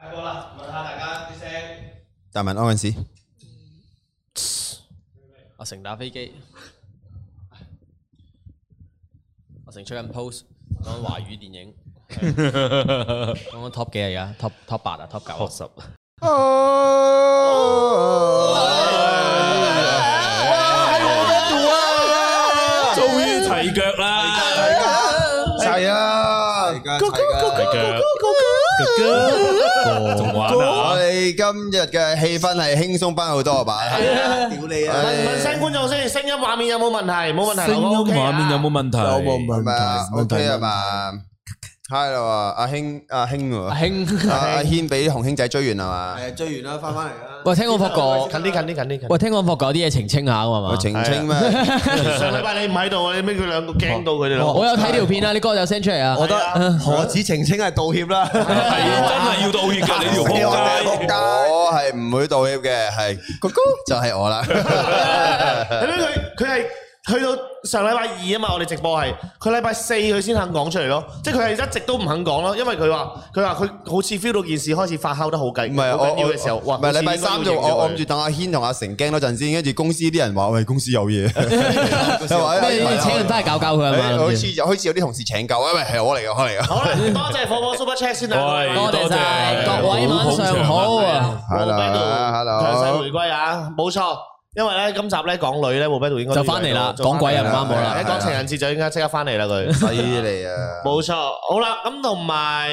睇過啦，問下大家啲聲。大民安嗰陣時，阿成打飛機，阿成出緊 post 講華語電影，講緊 top 幾啊而家？top top 八啊，top 九啊，top 十。係我邊度啊？終於提腳啦！ 我哋今日嘅氣氛係輕鬆返好多吧。 啊，吧？屌你啊！問聲觀眾先，聲音畫面有冇問題？冇問題，啊、好冇嗎？畫面有冇有問題？冇問題，冇問題啊嘛～hi 咯，阿興阿興阿阿謙俾洪興仔追完係嘛？係追完啦，翻翻嚟啦。喂，聽我仆哥，近啲近啲近啲近。喂，聽我仆哥啲嘢澄清下噶嘛？澄清咩？上禮拜你唔喺度，你俾佢兩個驚到佢哋咯。我有睇條片啊，你哥有 send 出嚟啊？我都何止澄清係道歉啦，係真係要道歉噶你條仆街，我係唔會道歉嘅，係哥哥就係我啦。佢佢係。去到上禮拜二啊嘛，我哋直播係佢禮拜四佢先肯講出嚟咯，即係佢係一直都唔肯講咯，因為佢話佢話佢好似 feel 到件事開始發酵得好緊要嘅時候，唔係禮拜三就我諗住等阿軒同阿成驚嗰陣先，跟住公司啲人話喂，公司有嘢，咩呢啲請人真係搞搞佢係咪？好似有好似有啲同事請教，因為係我嚟㗎，我嚟㗎。好啦，多謝火火 Super Chat 先啊，多謝各位晚上好，Hello，強勢回歸啊，冇錯。因為咧，今集咧講女咧冇乜嘢，就翻嚟啦。講鬼啊，唔啱冇啦。一講情人節就應該即刻翻嚟啦，佢。可以嚟啊！冇錯，好啦，咁同埋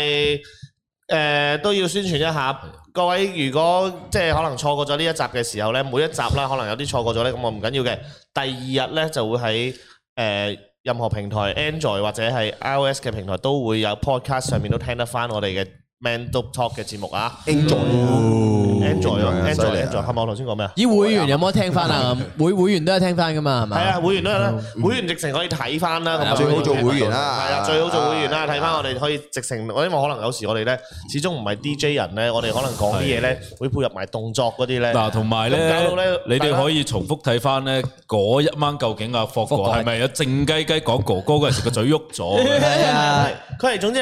誒都要宣傳一下，各位如果即係可能錯過咗呢一集嘅時候咧，每一集啦，可能有啲錯過咗咧，咁我唔緊要嘅，第二日咧就會喺誒任何平台 Android 或者係 iOS 嘅平台都會有 Podcast 上面都聽得翻我哋嘅 Man Talk 嘅節目啊，Enjoy 啊！Android 咯，Android，Android，係咪我頭先講咩啊？依會員有冇得聽翻啊？咁會會員都有聽翻噶嘛？係咪？係啊，會員啦，會員直情可以睇翻啦。最好做會員啦，係啊，最好做會員啦，睇翻我哋可以直情。我因為可能有時我哋咧，始終唔係 DJ 人咧，我哋可能講啲嘢咧，會配合埋動作嗰啲咧。嗱，同埋咧，你哋可以重複睇翻咧，嗰一晚究竟阿霍哥係咪有靜雞雞講哥哥嗰陣時個嘴喐咗？佢係，總之。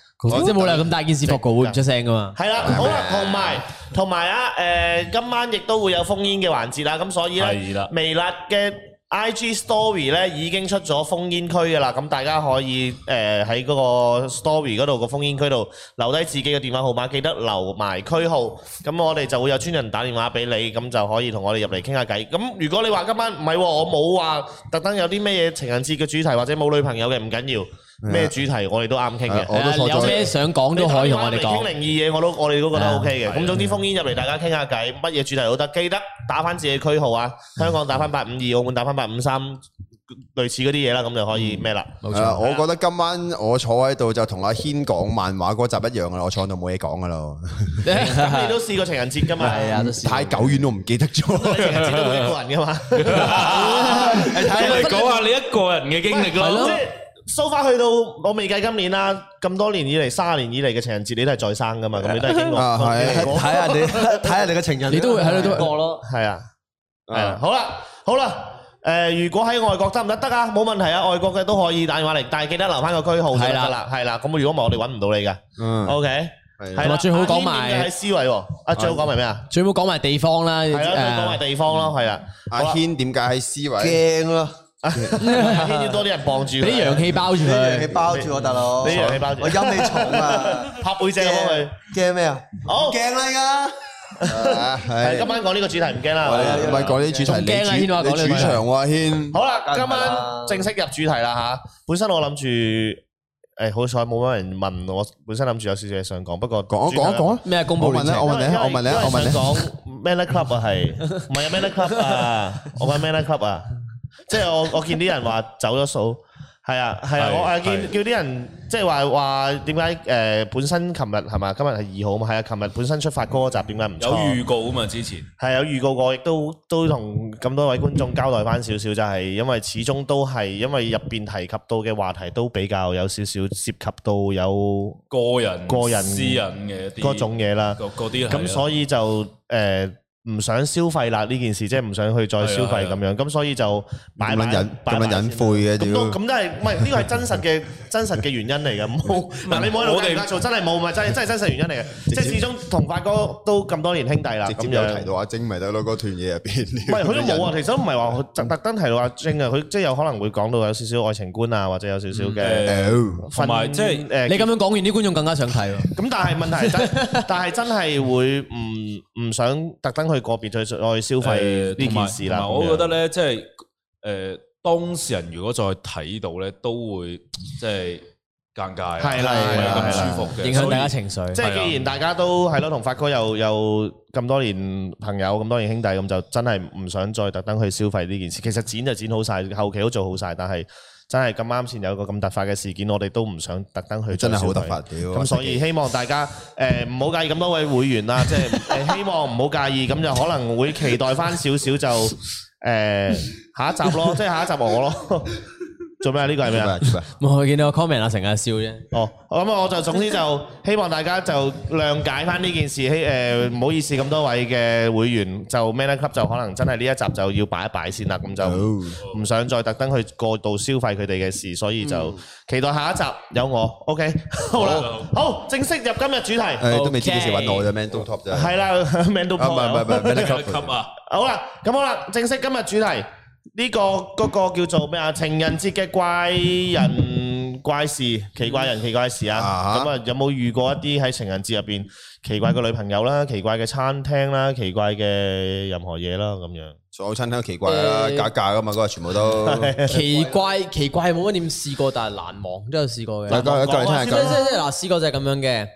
即係冇理由咁大件事，報告會唔出聲噶嘛？係啦，好啦，同埋同埋啊，誒，今晚亦都會有封煙嘅環節啦，咁所以呢，微辣嘅 IG Story 呢已經出咗封煙區噶啦，咁大家可以誒喺嗰個 Story 嗰度個封煙區度留低自己嘅電話號碼，記得留埋區號，咁我哋就會有專人打電話俾你，咁就可以同我哋入嚟傾下偈。咁如果你話今晚唔係喎，我冇話特登有啲咩嘢情人節嘅主題或者冇女朋友嘅，唔緊要。咩主題我哋都啱傾嘅，我都有咩想講都可以同我哋傾零二嘢，我都我哋都覺得 O K 嘅。咁總之，烽煙入嚟，大家傾下偈，乜嘢主題都得。記得打翻自己區號啊，香港打翻八五二，澳門打翻八五三，類似嗰啲嘢啦，咁就可以咩啦。冇錯，我覺得今晚我坐喺度就同阿軒講漫畫嗰集一樣啦，我坐喺度冇嘢講噶咯。你都試過情人節噶嘛？係啊，都試。太久遠都唔記得咗。情人節都一個人噶嘛，咁嚟講下你一個人嘅經歷咯。so far 去到，我未計今年啦，咁多年以嚟，卅年以嚟嘅情人節你都係再生噶嘛？咁你都係經過？係睇下你睇下你嘅情人，你都會喺度過咯。係啊，係啊。好啦，好啦。誒，如果喺外國得唔得？得啊，冇問題啊。外國嘅都可以打電話嚟，但係記得留翻個區號就得啦。係啦，咁如果唔係，我哋搵唔到你噶。嗯，OK。係啦最好講埋喺思維。最好講埋咩啊？最好講埋地方啦。係啊，講埋地方咯。係啊。阿軒點解喺思維驚咯？阿軒要多啲人傍住，俾陽氣包住佢，陽氣包住我大佬，陽氣包住我陰氣重啊！拍背脊過去，驚咩啊？好驚啦！依家係今晚講呢個主題唔驚啦，唔係講呢啲主題，你主你主場喎，阿軒。好啦，今晚正式入主題啦吓。本身我諗住誒，好彩冇乜人問我，本身諗住有少少嘢想講，不過講一講講啊。咩公布問題？我問你，我問你，我問你，咩咧 club 啊？係唔係咩咧 club 啊？我問咩咧 club 啊？即係我我見啲人話走咗數，係啊係啊，我誒見叫啲人即係話話點解誒本身琴日係嘛，今日係二號嘛係啊，琴日本身出發嗰個集點解唔出有預告啊嘛，之前係有預告過，亦都都同咁多位觀眾交代翻，少少就係因為始終都係因為入邊提及到嘅話題都比較有少少涉及到有個人個人私隱嘅嗰種嘢啦，咁所以就誒。唔想消費啦呢件事，即係唔想去再消費咁樣，咁所以就咁啊隱咁啊隱晦嘅，咁都咁都係唔係呢個係真實嘅真實嘅原因嚟嘅，唔好嗱，你唔好喺度夾做真係冇，咪真真係真實原因嚟嘅，即係始終同發哥都咁多年兄弟啦，直接有提到阿晶咪得咯，個團嘢入邊，唔係佢都冇啊，其實唔係話特特登提到阿晶啊，佢即係有可能會講到有少少愛情觀啊，或者有少少嘅，同埋即係你咁樣講完，啲觀眾更加想睇咯，咁但係問題係真，但係真係會唔唔想特登。去個別再再消費呢件事啦。咁樣，我覺得咧，即係誒，當事人如果再睇到咧，都會即係尷尬，係啦，唔舒服嘅，影響大家情緒。即係既然大家都係咯，同法官又又咁多年朋友，咁多年兄弟，咁就真係唔想再特登去消費呢件事。其實剪就剪好曬，後期都做好曬，但係。真係咁啱先有個咁突發嘅事件，我哋都唔想特登去。真係好突發咁，所以希望大家誒唔好介意咁多位會員啦，即係誒希望唔好介意，咁就可能會期待返少少就誒、呃、下一集咯，即係下一集我咯。 做咩啊？呢個係咩啊？我見到個 comment 啊，成日笑啫。哦，咁我就總之就希望大家就諒解翻呢件事。希誒唔好意思，咁多位嘅會員就 manage 級就可能真係呢一集就要擺一擺先啦。咁就唔想再特登去過度消費佢哋嘅事，所以就期待下一集有我。OK，好啦，好正式入今日主題。係都未知幾時揾我嘅 manage top 啫。係啦，manage top。唔係唔係唔係 manage top 啊。好啦，咁好啦，正式今日主題。呢個嗰個叫做咩啊？情人節嘅怪人怪事，奇怪人奇怪事啊！咁啊，有冇遇過一啲喺情人節入邊奇怪嘅女朋友啦、奇怪嘅餐廳啦、奇怪嘅任何嘢啦咁樣？所有餐廳都奇怪啦，假價噶嘛，嗰個全部都奇怪奇怪，冇乜點試過，但係難忘都有試過嘅。嗱，一講一講，即係即係嗱，試過就係咁樣嘅，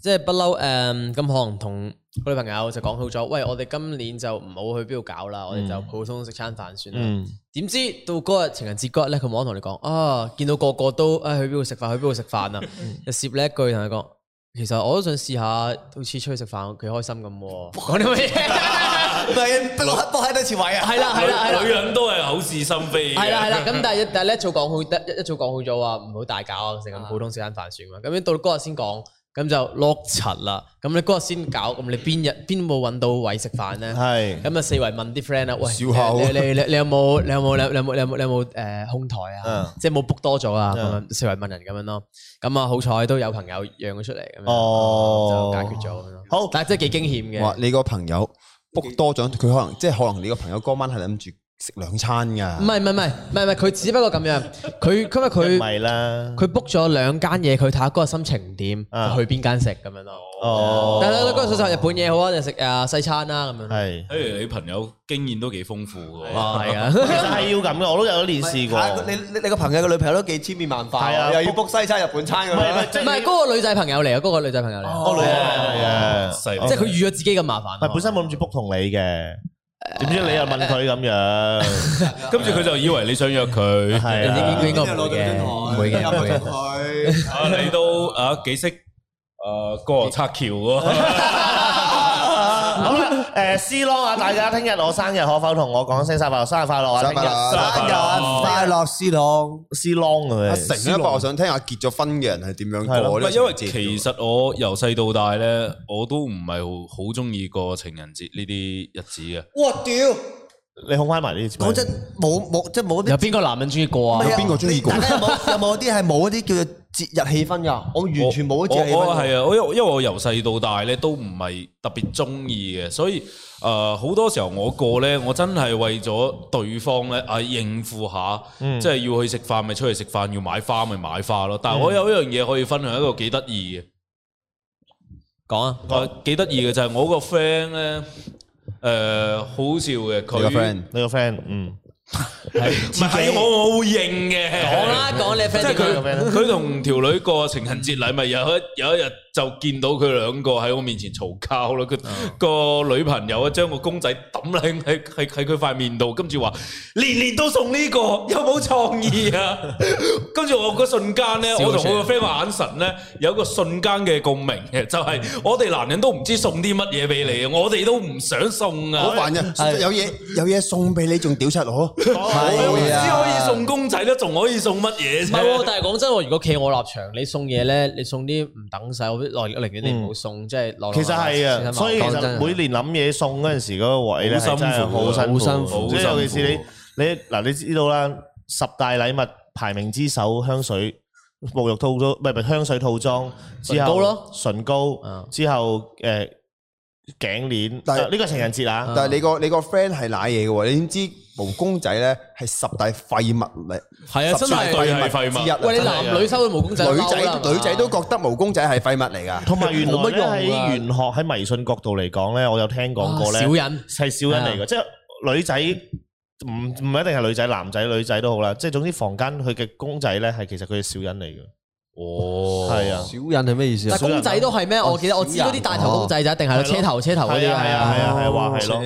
即係不嬲誒，咁可能同。個女朋友就講好咗，嗯、喂，我哋今年就唔好去邊度搞啦，我哋就普通食餐飯算啦。點知、嗯、到嗰日情人節嗰日咧，佢冇同你講，啊、嗯，見到個個都，誒，去邊度食飯，去邊度食飯啊？又攝叻句同佢講，其實我都想試下，好似出去食飯，幾開心咁。我哋咪，咪，我喺第次位，係啦係啦。女人都係口是心非。係啦係啦，咁但係但係咧早講好，一早講好咗話唔好大搞啊，成咁普通食餐飯算啦。咁樣到嗰日先講。咁就落塵啦。咁你嗰日先搞，咁你邊日邊冇揾到位食飯咧？係。咁啊，四圍問啲 friend 啊，喂，你你你你有冇你有冇你你有冇你有冇你有冇誒空台啊？即係冇 book 多咗啊？咁樣四圍問人咁樣咯。咁啊，好彩都有朋友讓咗出嚟咁樣，就解決咗咁樣。好，但係真係幾驚險嘅。哇！你個朋友 book 多咗，佢可能即係可能你個朋友嗰晚係諗住。食兩餐噶，唔係唔係唔係唔係，佢只不過咁樣，佢佢咪佢，咪啦，佢 book 咗兩間嘢，佢睇下嗰日心情點，去邊間食咁樣咯。哦，但係嗰日想食日本嘢好啊，定係食啊西餐啦咁樣。係，哎，你朋友經驗都幾豐富噶。係啊，係要咁噶，我都有咗年試過。你你個朋友個女朋友都幾千變萬化，係啊，又要 book 西餐、日本餐咁。唔唔係，個女仔朋友嚟啊，個女仔朋友嚟。哦，係啊，即係佢預咗自己咁麻煩。係本身冇諗住 book 同你嘅。點知你又問佢咁樣，跟住佢就以為你想約佢，係、 啊啊、應該唔會嘅、唔會嘅，你都啊幾識啊過河拆橋啊！ 好啊，誒，C 朗啊，大家聽日我生日，可否同我講聲，殺埋，生日快樂啊！生日、生日，快樂，c 朗，c 朗佢，成日話我想聽下結咗婚嘅人係點樣過。因為其實我由細到大咧，我都唔係好中意過情人節呢啲日子嘅。哇屌！你控翻埋呢啲，即係冇冇即係冇。有邊個男人中意過啊？有邊個中意過？有冇啲係冇啲叫做節日氣氛噶？我完全冇。我係啊，我因因為我由細到大咧都唔係特別中意嘅，所以誒好多時候我過咧，我真係為咗對方咧啊，應付下，即係要去食飯咪出嚟食飯，要買花咪買花咯。但係我有一樣嘢可以分享，一個幾得意嘅，講啊，幾得意嘅就係我個 friend 咧。誒好笑嘅，佢個 friend，你個 friend，嗯，唔係我，我會認嘅，講啦，講你個 friend，即係佢，佢同條女過情人節禮物，有一有一日。就見到佢兩個喺我面前嘈交啦，佢、嗯、個女朋友啊，將個公仔抌喺喺喺佢塊面度，跟住話：年年都送呢、呢個，有冇創意啊？跟住 我嗰瞬間咧，我同我個 friend 眼神咧有一個瞬間嘅共鳴嘅，就係、係、我哋男人都唔知送啲乜嘢俾你啊，我哋都唔想送啊，好煩嘅，有嘢有嘢送俾你仲屌柒我，只可以送公仔啦，仲可以送乜嘢？唔係喎，但係講真，我如果企我立場，你送嘢咧，你送啲唔等使。來年零幾年冇送，即係其實係啊，所以其實每年諗嘢送嗰陣時嗰個位咧，係真係好辛苦，即係尤其是你你嗱，你知道啦，十大禮物排名之首香水沐浴套裝，唔係唔係香水套裝，唇膏咯，唇膏之後誒，頸鏈，但係呢個情人節啊，但係你個你個 friend 係瀨嘢嘅喎，你點知？毛公仔咧係十大廢物嚟，係啊，真係廢物之一。喂，你男女收到毛公仔，女仔女仔都覺得毛公仔係廢物嚟噶。同埋，原來喺玄學喺迷信角度嚟講咧，我有聽講過咧，係、啊、小人嚟嘅。即係女仔唔唔一定係女仔，男仔女仔都好啦。即係總之房間佢嘅公仔咧，係其實佢係小人嚟嘅。哦，係啊，小人係咩意思啊？公仔都係咩？我記得我知嗰啲大頭公仔就一定係個車頭車頭嗰啲，係啊係啊係啊，話係咯。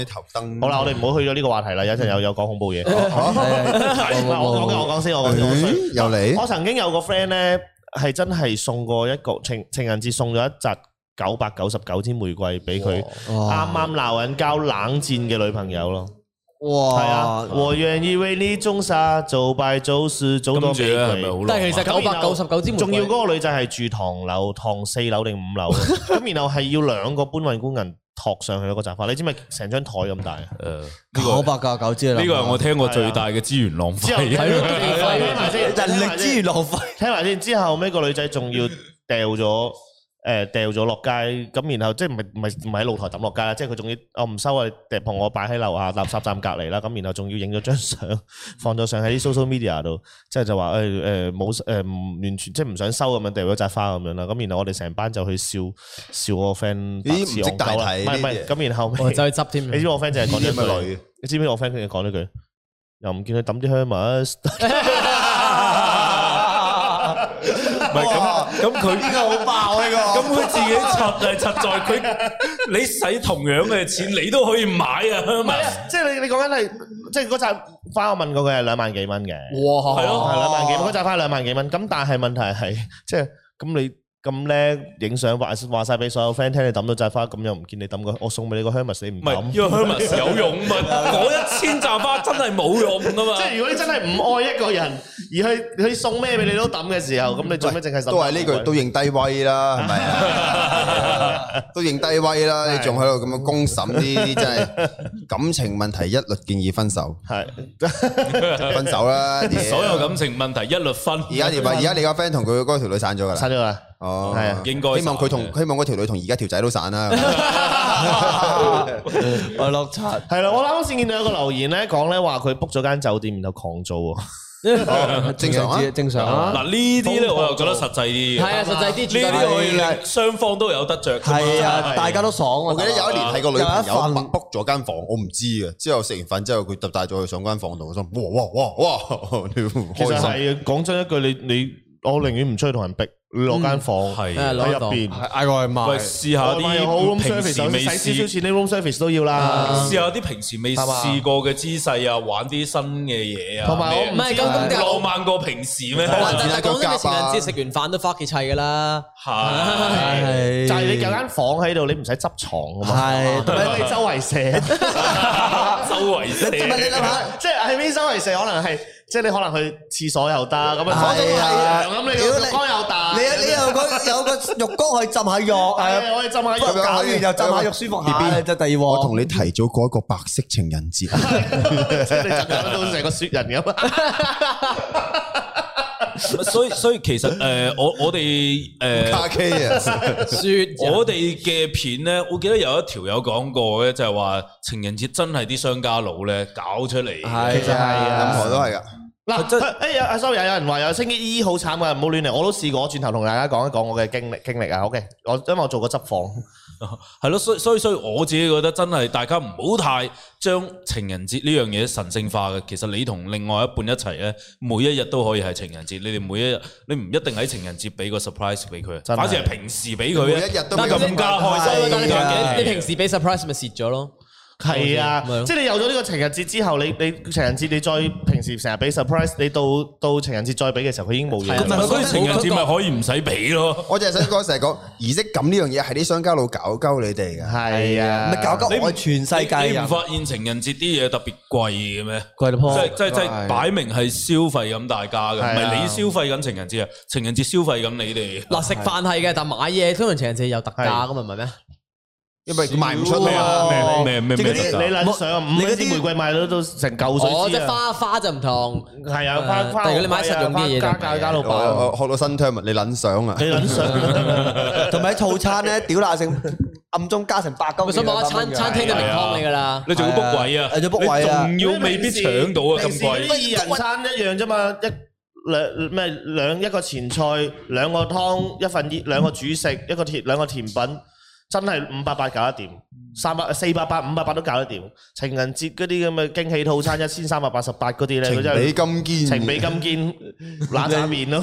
好啦，我哋唔好去咗呢個話題啦，有陣有有講恐怖嘢。唔係我講嘅，我講先。我，咦？又嚟？我曾經有個 friend 咧，係真係送過一個情情人節送咗一紮九百九十九支玫瑰俾佢，啱啱鬧緊交冷戰嘅女朋友咯。哇！係啊，我願意為呢宗沙做拜祖事，做到死。但係其實九百九十九支梅，仲要嗰個女仔係住唐樓，唐四樓定五樓？咁然後係要兩個搬運工人托上去一個紮花，你知咪成張台咁大？誒，九百九十九支。呢個係我聽過最大嘅資源浪費，人力資源浪費。聽埋先，之後尾個女仔仲要掉咗。誒，掉咗落街，咁然後即係唔係唔係唔係喺露台抌落街啦，即係佢仲要，我唔收啊，同我擺喺樓下垃圾站隔籬啦，咁然後仲要影咗張相，放咗相喺啲 social media 度，即係就話誒誒冇誒唔完全即係唔想收咁樣掉咗扎花咁樣啦，咁然後我哋成班就去笑笑我 friend，唔識大體，唔係唔係，咁然後我走去執添，你知唔知我 friend 就係講呢句，你知唔知我 friend 佢就講呢句，又唔見佢抌啲香物。唔係咁啊！咁佢應該好爆呢個。咁佢他 自己柒啊，柒在佢，你使同樣嘅錢， 你都可以買啊，係咪。 即、就、係、是、你，你講緊係，即係嗰扎花，我問過佢係兩萬幾蚊嘅。哇！係咯、啊，係兩萬幾蚊，嗰紮、啊、花兩萬幾蚊。咁但係問題係，即係咁你。咁叻影相，話話晒俾所有 friend 聽，你抌到紮花咁，又唔見你抌過，我送俾你個 Hermes，你唔抌，因為 Hermes 有用嘛，嗰一千紮花真係冇用噶嘛。即係如果你真係唔愛一個人，而係去送咩俾你都抌嘅時候，咁你做咩，淨係都係呢句，都認低威啦，係咪啊？都認低威啦，你仲喺度咁樣公審呢啲真係感情問題一律建議分手，係分手啦。所有感情問題一律分。而家你話而家你個 friend 同佢嗰條女散咗噶啦，散咗啦。哦，係啊，希望佢同希望嗰條女同而家條仔都散啦。我落差係啦，我啱先見到有個留言咧，講咧話佢 book 咗間酒店，然後狂租啊，正常啊，正常啊。嗱呢啲咧我又覺得實際啲嘅，係啊，實際啲呢啲可以雙方都有得着嘅，係啊，大家都爽啊。我記得有一年係個女朋友 book 咗間房，我唔知嘅，之後食完飯之後佢特帶咗去上間房度，我心哇哇哇哇，其實係講真一句，你你。我寧願唔出去同人逼攞間房，係攞入邊，嗌個外賣，試下啲平時未使少少錢啲 room service 都要啦，試下啲平時未試過嘅姿勢啊，玩啲新嘅嘢啊，同埋我唔係咁咁嘅，浪漫過平時咩？就係講真嘅，情人節食完飯都返屋企砌噶啦，係就係你有間房喺度，你唔使執床噶嘛，咁你周圍射，周圍射，唔係你諗下，即係喺邊周圍射可能係。即係你可能去廁所又得咁啊，缸又大，你啊呢度個有個浴缸可以浸下浴，可以浸下浴，跟住又浸下浴舒服下。就第二鑊，我同你提早過一個白色情人節，你浸到成個雪人咁。所以所以其實誒，我我哋誒，我哋嘅片咧，我記得有一條有講過嘅，就係話情人節真係啲商家佬咧搞出嚟，其實係任何都係噶。誒，阿修有有人話有升一依好慘噶，唔好亂嚟，我都試過。轉頭同大家講一講我嘅經歷經歷啊。OK，我因為我做過執房，係咯，所以所以所以，我自己覺得真係大家唔好太將情人節呢樣嘢神聖化嘅。其實你同另外一半一齊咧，每一日都可以係情人節。你哋每一日，你唔一定喺情人節俾個 surprise 俾佢，反正係平時俾佢啊，一日都更加開心。但係你平時俾 surprise 咪蝕咗咯。係啊，即係你有咗呢個情人節之後，你你情人節你再平時成日俾 surprise，你到到情人節再俾嘅時候，佢已經冇嘢。所以情人節咪可以唔使俾咯。我淨係想講，成日講，儀式感呢樣嘢係啲商家佬搞鳩你哋嘅。係啊，咪搞鳩你我全世界。你唔發現情人節啲嘢特別貴嘅咩？貴到破。即係即係即係擺明係消費緊大家嘅，唔係你消費緊情人節啊？情人節消費緊你哋。嗱食飯係嘅，但係買嘢雖然情人節有特價咁，唔係咩？因為賣唔出去啊？你你你諗上五？你啲玫瑰賣到都成舊水。我即花花就唔同。係啊，花花如果你買食仲嘢？加價加到爆。學到新 term 你諗想啊？你諗想。同埋啲套餐咧，屌爛性暗中加成八金。我想買餐餐廳嘅名湯嚟噶啦。你仲要 book 位啊？你仲要未必搶到啊！咁貴。二人餐一樣啫嘛，一兩咩兩一個前菜，兩個湯，一份熱兩個主食，一個甜兩個甜品。真係五百八搞得掂，三百四百八五百八都搞得掂。情人節嗰啲咁嘅驚喜套餐一千三百八十八嗰啲咧，情比金堅，情比金堅，乸晒 面咯。 唔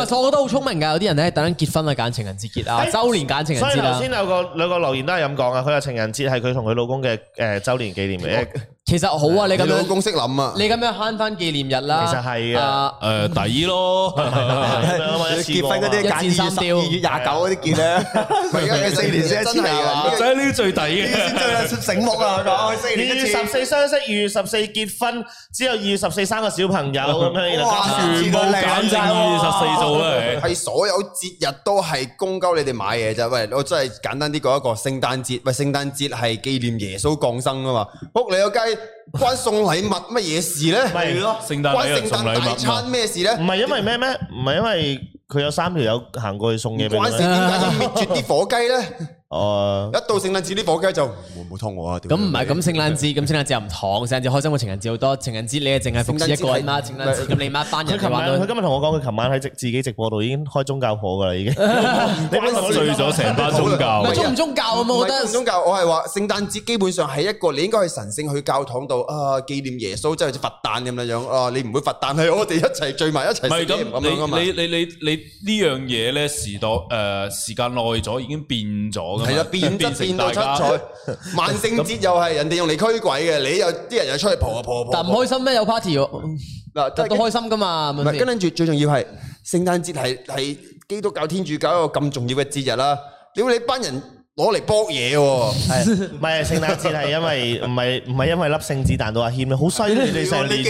係，所以我覺得好聰明㗎。有啲人咧等緊結婚啊，揀情人節結啊，周年揀情人節 所以頭先有個兩個留言都係咁講啊，佢話情人節係佢同佢老公嘅誒週年紀念嚟嘅。 其實好啊，你咁樣老公識諗啊，你咁樣慳翻紀念日啦。其實係啊，誒，抵咯。結婚嗰啲揀二十二月廿九嗰啲結咧，而家係四年先真係啊，所以呢啲最抵嘅。醒目啊，我講。二月十四相識，二月十四結婚，只有二月十四三個小朋友咁樣，全部揀晒二月十四做嘅。係所有節日都係供鳩你哋買嘢啫。喂，我真係簡單啲講一個聖誕節，喂，聖誕節係紀念耶穌降生啊嘛。扑你個街。關送禮物乜嘢事呢？係咯，關聖誕大，大餐咩事呢？唔係因為咩咩？唔係因為佢有三條友行過去送嘢俾佢。關事點解要滅絕啲火雞呢？ 哦，一到聖誕節啲火雞就唔好拖我啊！咁唔係咁，聖誕節咁聖誕節又唔同，聖誕節開心過情人節好多。情人節你係淨係複製一個人嘛？聖誕節咁你乜犯人？佢今日同我講，佢琴晚喺直自己直播度已經開宗教火噶啦，已經你哋醉咗成班宗教。唔係宗唔宗教啊？我覺得宗教，我係話聖誕節基本上係一個你應該去神聖去教堂度啊，紀念耶穌，即係好似佛誕咁嘅樣啊。你唔會佛誕係我哋一齊聚埋一齊紀念咁樣噶嘛？你你你你呢樣嘢咧？時代誒，時間耐咗已經變咗。係啊，變質變到七彩。萬聖節又係人哋用嚟驅鬼嘅，你有啲人又出去蒲啊蒲蒲。嗱，唔開心咩？有 party 喎，嗱都開心噶嘛。唔係跟跟住最重要係，聖誕節係係基督教天主教一個咁重要嘅節日啦。屌你班人攞嚟搏嘢嘅？唔係啊，聖誕節係因為唔係唔係因為粒聖子彈到阿謙啊，好犀利！你成年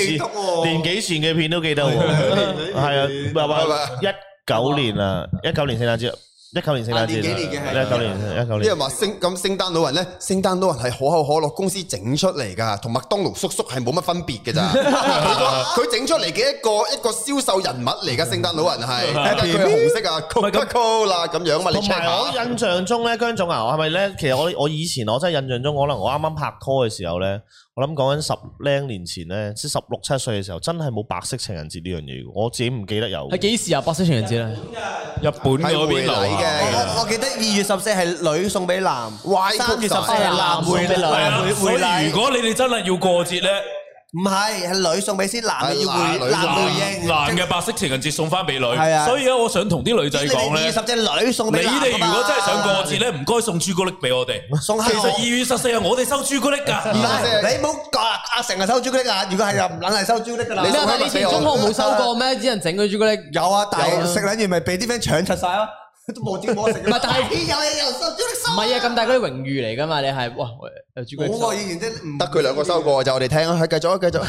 年幾前嘅片都記得，係啊，唔係話一九年啊，一九年聖誕節。一九年聖誕節，一九年，一九年。啲人話聖咁聖誕老人咧，聖誕老人係可口可樂公司整出嚟噶，同麥當勞叔叔係冇乜分別嘅咋。佢整出嚟嘅一個一個銷售人物嚟噶，聖誕老人係佢係紅色啊，Coca-Cola 啦咁樣嘛。同埋我印象中咧，姜總啊，係咪咧？其實我我以前我真係印象中，可能我啱啱拍拖嘅時候咧，我諗講緊十零年前咧，即係十六七歲嘅時候，真係冇白色情人節呢樣嘢嘅。我自己唔記得有。係幾時啊？白色情人節咧，日本嗰邊嚟？我我記得二月十四係女送俾男，三月十四係男回俾女。所以如果你哋真係要過節咧，唔係係女送俾先，男要回男回應。男嘅白色情人節送翻俾女，所以咧我想同啲女仔講咧，二月十四女送俾你哋，如果真係想過節咧，唔該送朱古力俾我哋。其實二月十四係，我哋收朱古力噶，你唔好阿阿成日收朱古力啊。如果係啊，唔撚係收朱古力噶啦。你唔係你哋中學冇收過咩？只能整個朱古力，有啊，但係食兩月咪俾啲 friend 搶柒晒啊！都無止冇食，唔係，但係片又又收，唔係啊，咁大嗰啲榮譽嚟噶嘛？你係，哇，朱貴，冇啊，以前真，得佢兩個收過，就我哋聽啊，繼續啊，繼續。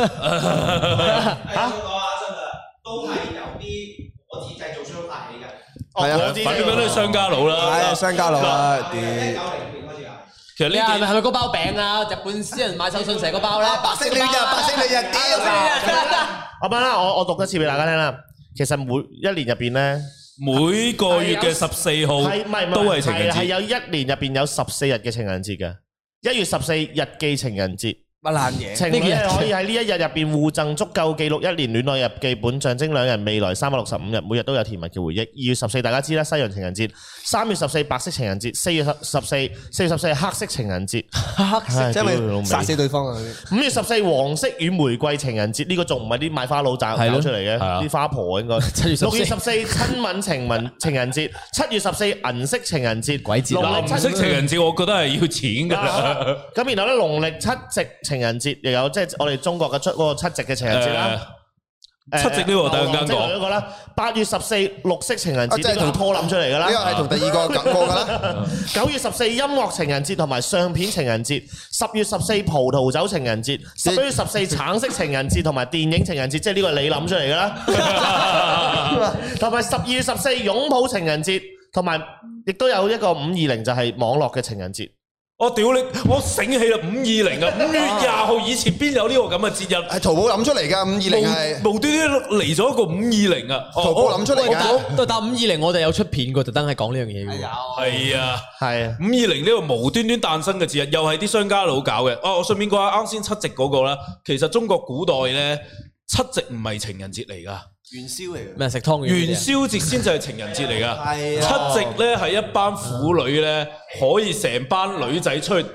吓，講下真噶，都係有啲我自製造商大起嘅。係啊，反正嗰啲商家佬啦，哎，商家佬啦，屌。其實呢邊係咪係咪嗰包餅啊？日本私人買手信成個包咧，白色你隻，白色你隻，屌！我問啦，我我讀一次俾大家聽啦。其實每一年入邊咧。每個月嘅十四號都係情人節，係有一年入面有十四日嘅情人節嘅，一月十四日，日記情人節。乜爛嘢？呢日可以喺呢一日入邊互贈足夠記錄一年戀愛日記本，象徵兩人未來三百六十五日，每日都有甜蜜嘅回憶。二月十四大家知啦，西洋情人節；三月十四白色情人節；四月十十四四月十四黑色情人節，黑色即係殺死對方啊！五月十四黃色與玫瑰情人節，呢個仲唔係啲賣花佬搞出嚟嘅？啲花婆應該六月十四親吻情人情人節，七月十四銀色情人節鬼節啦！七色情人節我覺得係要錢噶啦。咁然後咧，農曆七夕。情人節又有即係我哋中國嘅出個七夕嘅情人節啦，七夕呢個第二個啦，八月十四綠色情人節，即係同拖諗出嚟噶啦，呢個係同第二個感覺噶啦。九月十四音樂情人節同埋相片情人節，十月十四葡萄酒情人節，十一月十四橙色情人節同埋電影情人節，即係呢個你諗出嚟噶啦，同埋十二月十四擁抱情人節，同埋亦都有一個五二零就係網絡嘅情人節。我屌你！我醒起啦，五二零啊，五月廿號以前邊有呢個咁嘅節日？係淘寶諗出嚟噶，五二零係無端端嚟咗一個五二零噶，淘寶諗出嚟但五二零，我哋 有出片噶，特登係講呢樣嘢。係、哎、呦啊，係啊，係啊，五二零呢個無端端誕生嘅節日，又係啲商家佬搞嘅。哦、啊，我順便講下啱先七夕嗰、嗰個啦，其實中國古代咧，七夕唔係情人節嚟噶。元宵嚟嘅，咩食湯圓？元宵節先就係情人節嚟㗎， 七夕呢係一班婦女呢可以成班女仔出去。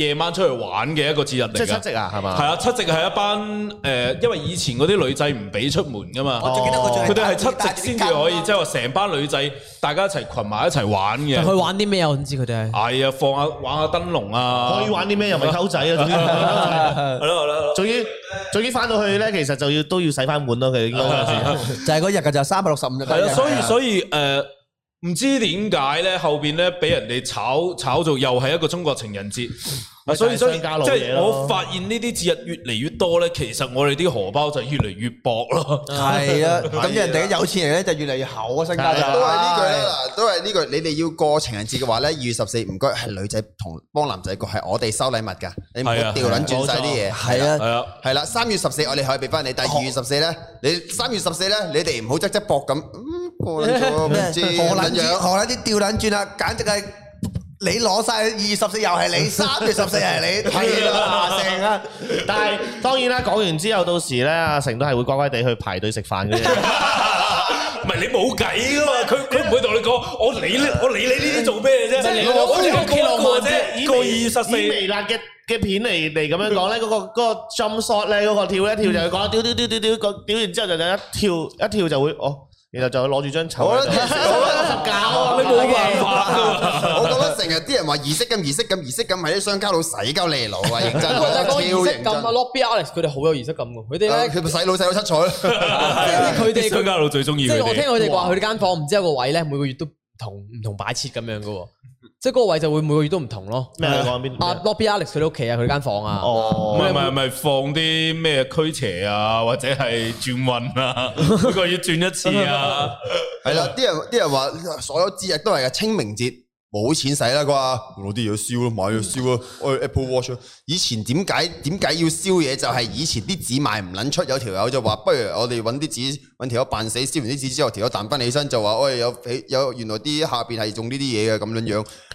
夜晚出去玩嘅一個節日嚟嘅，即係七夕啊，係嘛？係啊，七夕係一班誒，因為以前嗰啲女仔唔俾出門㗎嘛。我最記得佢最佢哋係七夕先至可以，即係話成班女仔大家一齊群埋一齊玩嘅。佢玩啲咩啊？我唔知佢哋係。係啊，放下玩下燈籠啊。可以玩啲咩？又咪溝仔啊？係咯係咯。仲要仲要翻到去咧，其實就要都要洗翻碗咯。佢應該嗰時就係嗰日嘅，就三百六十五日。係啊，所以所以誒。唔知點解咧，後邊咧俾人哋炒炒作又係一個中國情人節。所以所以，我發現呢啲節日越嚟越多咧，其實我哋啲荷包就越嚟越薄咯。係啊，咁人哋有錢人咧就越嚟越厚啊！身家都係呢句，都係呢句。你哋要過情人節嘅話呢，二月十四唔該係女仔同幫男仔過，係我哋收禮物噶，你唔好掉卵轉晒啲嘢。係啊，係啦，三月十四我哋可以俾翻你，但係二月十四呢，你三月十四呢，你哋唔好即即搏咁，過唔知點樣，學啲吊卵轉啊，簡直係。你攞曬二十四又係你，三條十四係你，係啦，成啊！但係當然啦，講完之後到時咧，阿成都係會乖乖地去排隊食飯嘅。唔係你冇計㗎嘛，佢佢唔會同你講，我理你，我理你呢啲做咩啫？我我我我我即係依個二十四微辣嘅嘅片嚟嚟咁樣講咧，嗰個嗰個 jump shot 咧，嗰個跳一跳就講，跳跳跳跳跳，個跳完之後就一跳一跳就會哦。然後就攞住張籌。好，我覺得成日啲人話儀式感、儀式感、儀式感，係啲商家佬洗交靚佬啊，認真。儀式感啊 l o c k 佢哋好有儀式感噶佢哋佢哋洗佬洗佬七彩，佢哋商家佬最中意。即係我聽佢哋話，佢哋間房唔知有個位咧，每個月都唔同唔同擺設咁樣噶。即係嗰個位就會每個月都唔同咯。咩講阿 Lobby Alex 佢屋企啊，佢間房啊。哦，唔係唔係唔係，放啲咩驅邪啊，或者係轉運啊？不過要轉一次啊。係啦，啲人啲人話所有節日都係啊，清明節冇錢使啦啩？攞啲嘢燒咯，買咗燒咯。我 Apple Watch 以前點解點解要燒嘢？就係以前啲紙賣唔撚出，有條友就話，不如我哋搵啲紙搵條友扮死，燒完啲紙之後，條友彈翻起身就話，我有有原來啲下邊係種呢啲嘢嘅咁樣樣。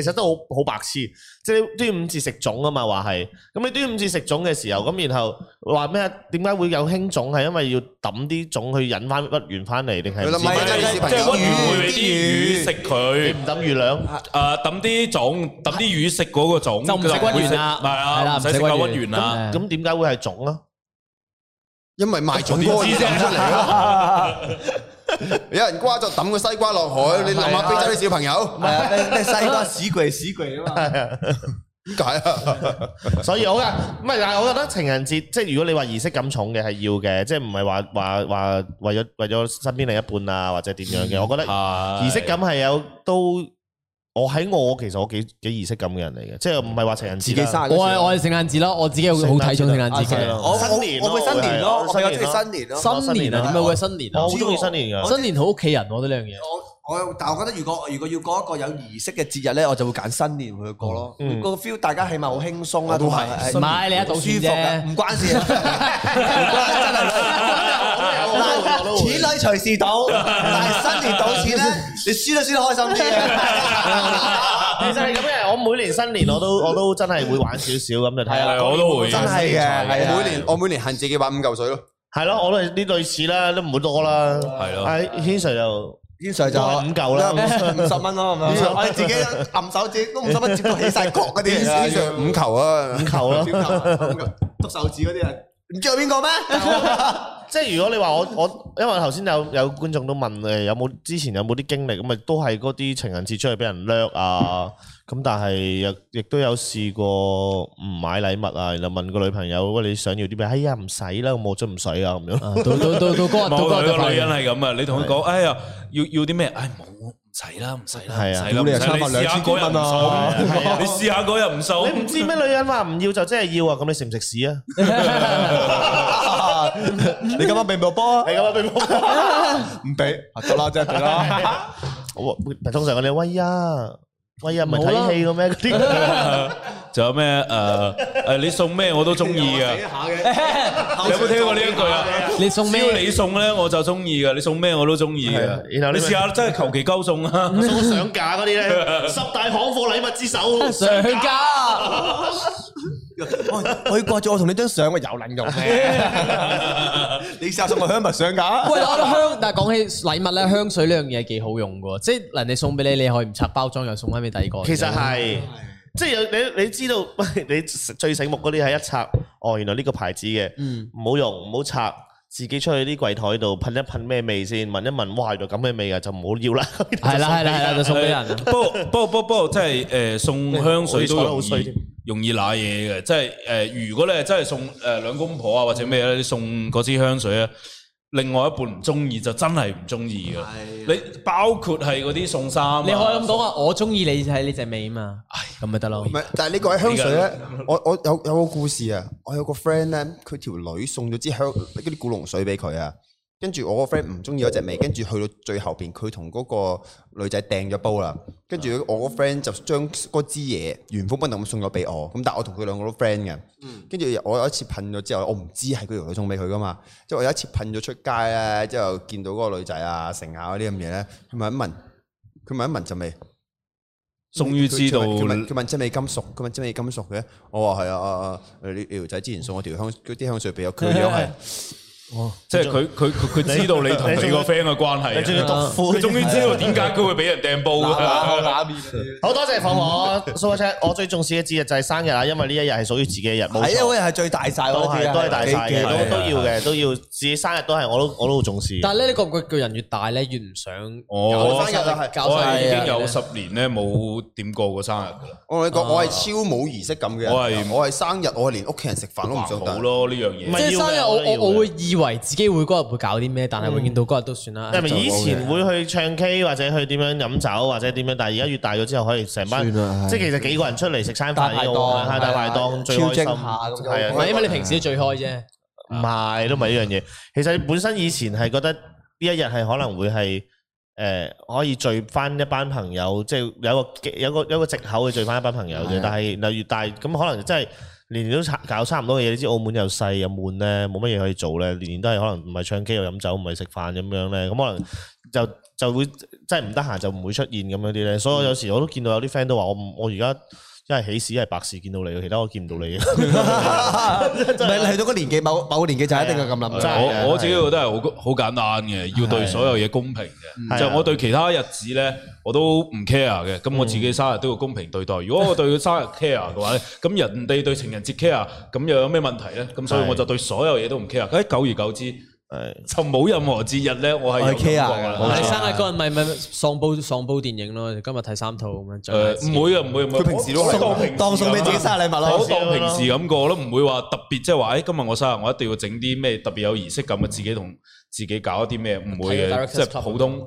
其實都好好白痴，即係你端午節食粽啊嘛，話係，咁你端午節食粽嘅時候，咁然後話咩？點解會有輕粽？係因為要抌啲粽去引翻屈原翻嚟，定係唔知咩意思？即係屈原會俾啲魚食佢，你唔抌魚糧，誒抌啲粽，抌啲魚食嗰個粽嘅，就唔食屈原啦，係啦，唔使食屈原啦。咁點解會係粽啊？因為賣粽多聲出嚟。 有人瓜就抌個西瓜落海，啊、你諗下非洲啲小朋友，唔你、啊、 西瓜屎鬼屎鬼啊嘛？點解 啊？ 所以好啊，唔係，但係我覺得情人節即係如果你話儀式感重嘅係要嘅，即係唔係話話話為咗為咗身邊另一半啊，或者點樣嘅，我覺得儀式感係有都。我喺我其實我幾幾儀式感嘅人嚟嘅，即係唔係話情人節，我係我係聖誕節咯，我自己會好睇重聖誕節嘅。啊年，啊、我我我會新年咯，我最中意新年咯，啊啊，新年啊，點解會係新年啊？的我好中意新年嘅，新年好屋企人，啊、兩，我啲呢樣嘢。我我但係我覺得，如果如果要過一個有儀式嘅節日咧，我就會揀新年去過咯。個 feel 大家起碼好輕鬆啊，都係買你一個舒服嘅，唔關事。錢袋隨時到，但係新年到時咧，你輸都輸得開心啲啊！其實係咁嘅，我每年新年我都我都真係會玩少少咁就睇下，我都會真係嘅，係每年我每年限自己玩五嚿水咯，係咯，我都係呢類似啦，都唔會多啦，係咯，喺 Hanser 又。基本就五嚿啦，五十蚊咯，我哋自己摁手指，都五十蚊，全部起晒角嗰啲，基本五球啊，五球啊，五球捉手指嗰啲啊。唔知係邊個咩？即係 如果你話我我，因為頭先有有觀眾都問誒，有冇之前有冇啲經歷咁啊？都係嗰啲情人節出去俾人掠啊，咁但係亦都有試過唔買禮物啊，然後問個女朋友喂，你想要啲咩？哎呀唔使啦，我冇咗唔使啊咁樣。到到到到嗰個女人係咁啊！你同佢講哎呀，要要啲咩？哎冇。使啦，唔使啦。係啊，你又差埋兩千蚊。 你試下嗰日唔收。你唔知咩女人話唔要就真係要啊？咁你食唔食屎啊？ 你今晚俾唔俾波？你今晚俾波？唔俾，得啦，即係得啦。 好，通常我哋威呀、啊。喂，唔係睇戲嘅咩？嗰啲，仲有咩？誒誒，你送咩我都中意嘅。有冇聽過呢一句啊？你送咩？只要你送咧，我就中意嘅。你送咩我都中意嘅。然後你試下真係求其交送啦，送上架嗰啲咧，十大行貨禮物之首上架。哎、我我掛住我同你張相，我有撚用。 你試下送我香物上架？喂，我香。但係講起禮物咧，香水呢樣嘢幾好用嘅，即係人哋送俾你，你可以唔拆包裝又送翻俾第二個。其實係，嗯、即係你你知道，你最醒目嗰啲係一拆。哦，原來呢個牌子嘅，唔好用，唔好拆。自己出去啲櫃檯度噴一噴咩味先，聞一聞，哇，就咁嘅味啊，就唔好要啦。係啦，係啦，係啦，就送俾人，送人不，不過，不過，不過，即係誒，送香水都容易，容易瀨嘢嘅。即係誒，如果咧，即係送誒兩公婆啊，或者咩咧，你送嗰支香水咧。另外一半唔中意就真係唔中意噶，哎、呀你包括係嗰啲送衫，啊，你可以咁講啊，的我中意你就係你隻味嘛，唉，咁咪得咯，但係你講起香水咧，我有有個故事啊，我有個 friend 呢，佢條女送咗支香嗰啲古龍水俾佢啊。跟住我個 friend 唔中意嗰隻味，跟住去到最後邊，佢同嗰個女仔掟咗煲啦。跟住我個 friend 就將嗰支嘢原封不動咁送咗俾我。咁但係我同佢兩個都 friend 嘅。跟住我有一次噴咗之後，我唔知係佢條女送俾佢噶嘛。即係我有一次噴咗出街咧，之後見到嗰個女仔啊，成下嗰啲咁嘢咧，佢聞一聞，佢聞一聞就未？終於知道，佢問真係金屬，佢問真係金屬嘅。我話係啊啊啊！仔之前送我條香啲香水俾我，佢樣係。 即係佢佢佢知道你同你個 friend 嘅關係，佢終於知道點解佢會俾人掟煲噶啦。好多謝鳳凰 super chef。我最重視嘅節日就係生日啊，因為呢一日係屬於自己嘅日。係啊，嗰日係最大晒嗰啲啊，都係大晒嘅，都要嘅，都要自己生日都係我都我都好重視。但係呢你覺個人越大咧越唔想？我生日啊，我係已經有十年咧冇點過過生日噶啦。我同你講，我係超冇儀式感嘅，我係生日，我係連屋企人食飯都唔想好咯呢樣嘢。生日，我我會以為自己會嗰日會搞啲咩，但係永遠到嗰日都算啦。因為以前會去唱 K 或者去點樣飲酒或者點樣，但係而家越大咗之後，可以成班，即係其實幾個人出嚟食餐飯，大排檔最開心。係啊，因為你平時都聚開啫，唔係都唔係呢樣嘢。其實你本身以前係覺得呢一日係可能會係誒可以聚翻一班朋友，即係有個有個有個籍口去聚翻一班朋友嘅。但係越大咁可能真係。年年都搞差唔多嘅嘢。你知澳門又細又悶呢，冇乜嘢可以做呢。年年都係可能唔係唱 K 又飲酒，唔係食飯咁樣呢。咁可能就就會真係唔得閒就唔會出現咁嗰啲咧。所以我有時候我都見到有啲 friend 都話我唔，我而家。即係喜事，係白事見到你，其他我見唔到你。你去到嗰年紀某，某某個年紀就一定係咁諗。我的我自己覺得係好好簡單嘅，的要對所有嘢公平嘅。的就我對其他日子咧，我都唔 care 嘅。咁我自己生日都要公平對待。如果我對佢生日 care 嘅話，咁 人哋對情人節 care，咁又有咩問題咧？咁所以我就對所有嘢都唔 care。誒，久而久之。係就冇任何節日咧，我係。我係 K 啊，我生日嗰日咪咪喪煲喪煲電影咯，今日睇三套咁樣。誒唔、呃、會啊唔會，佢平時都、啊、當當送俾自己生日禮物咯。我當平時咁過咯，唔會話特別即係話，誒、就是、今日我生日，我一定要整啲咩特別有儀式感啊，自己同自己搞一啲咩，唔會嘅即係普通。啊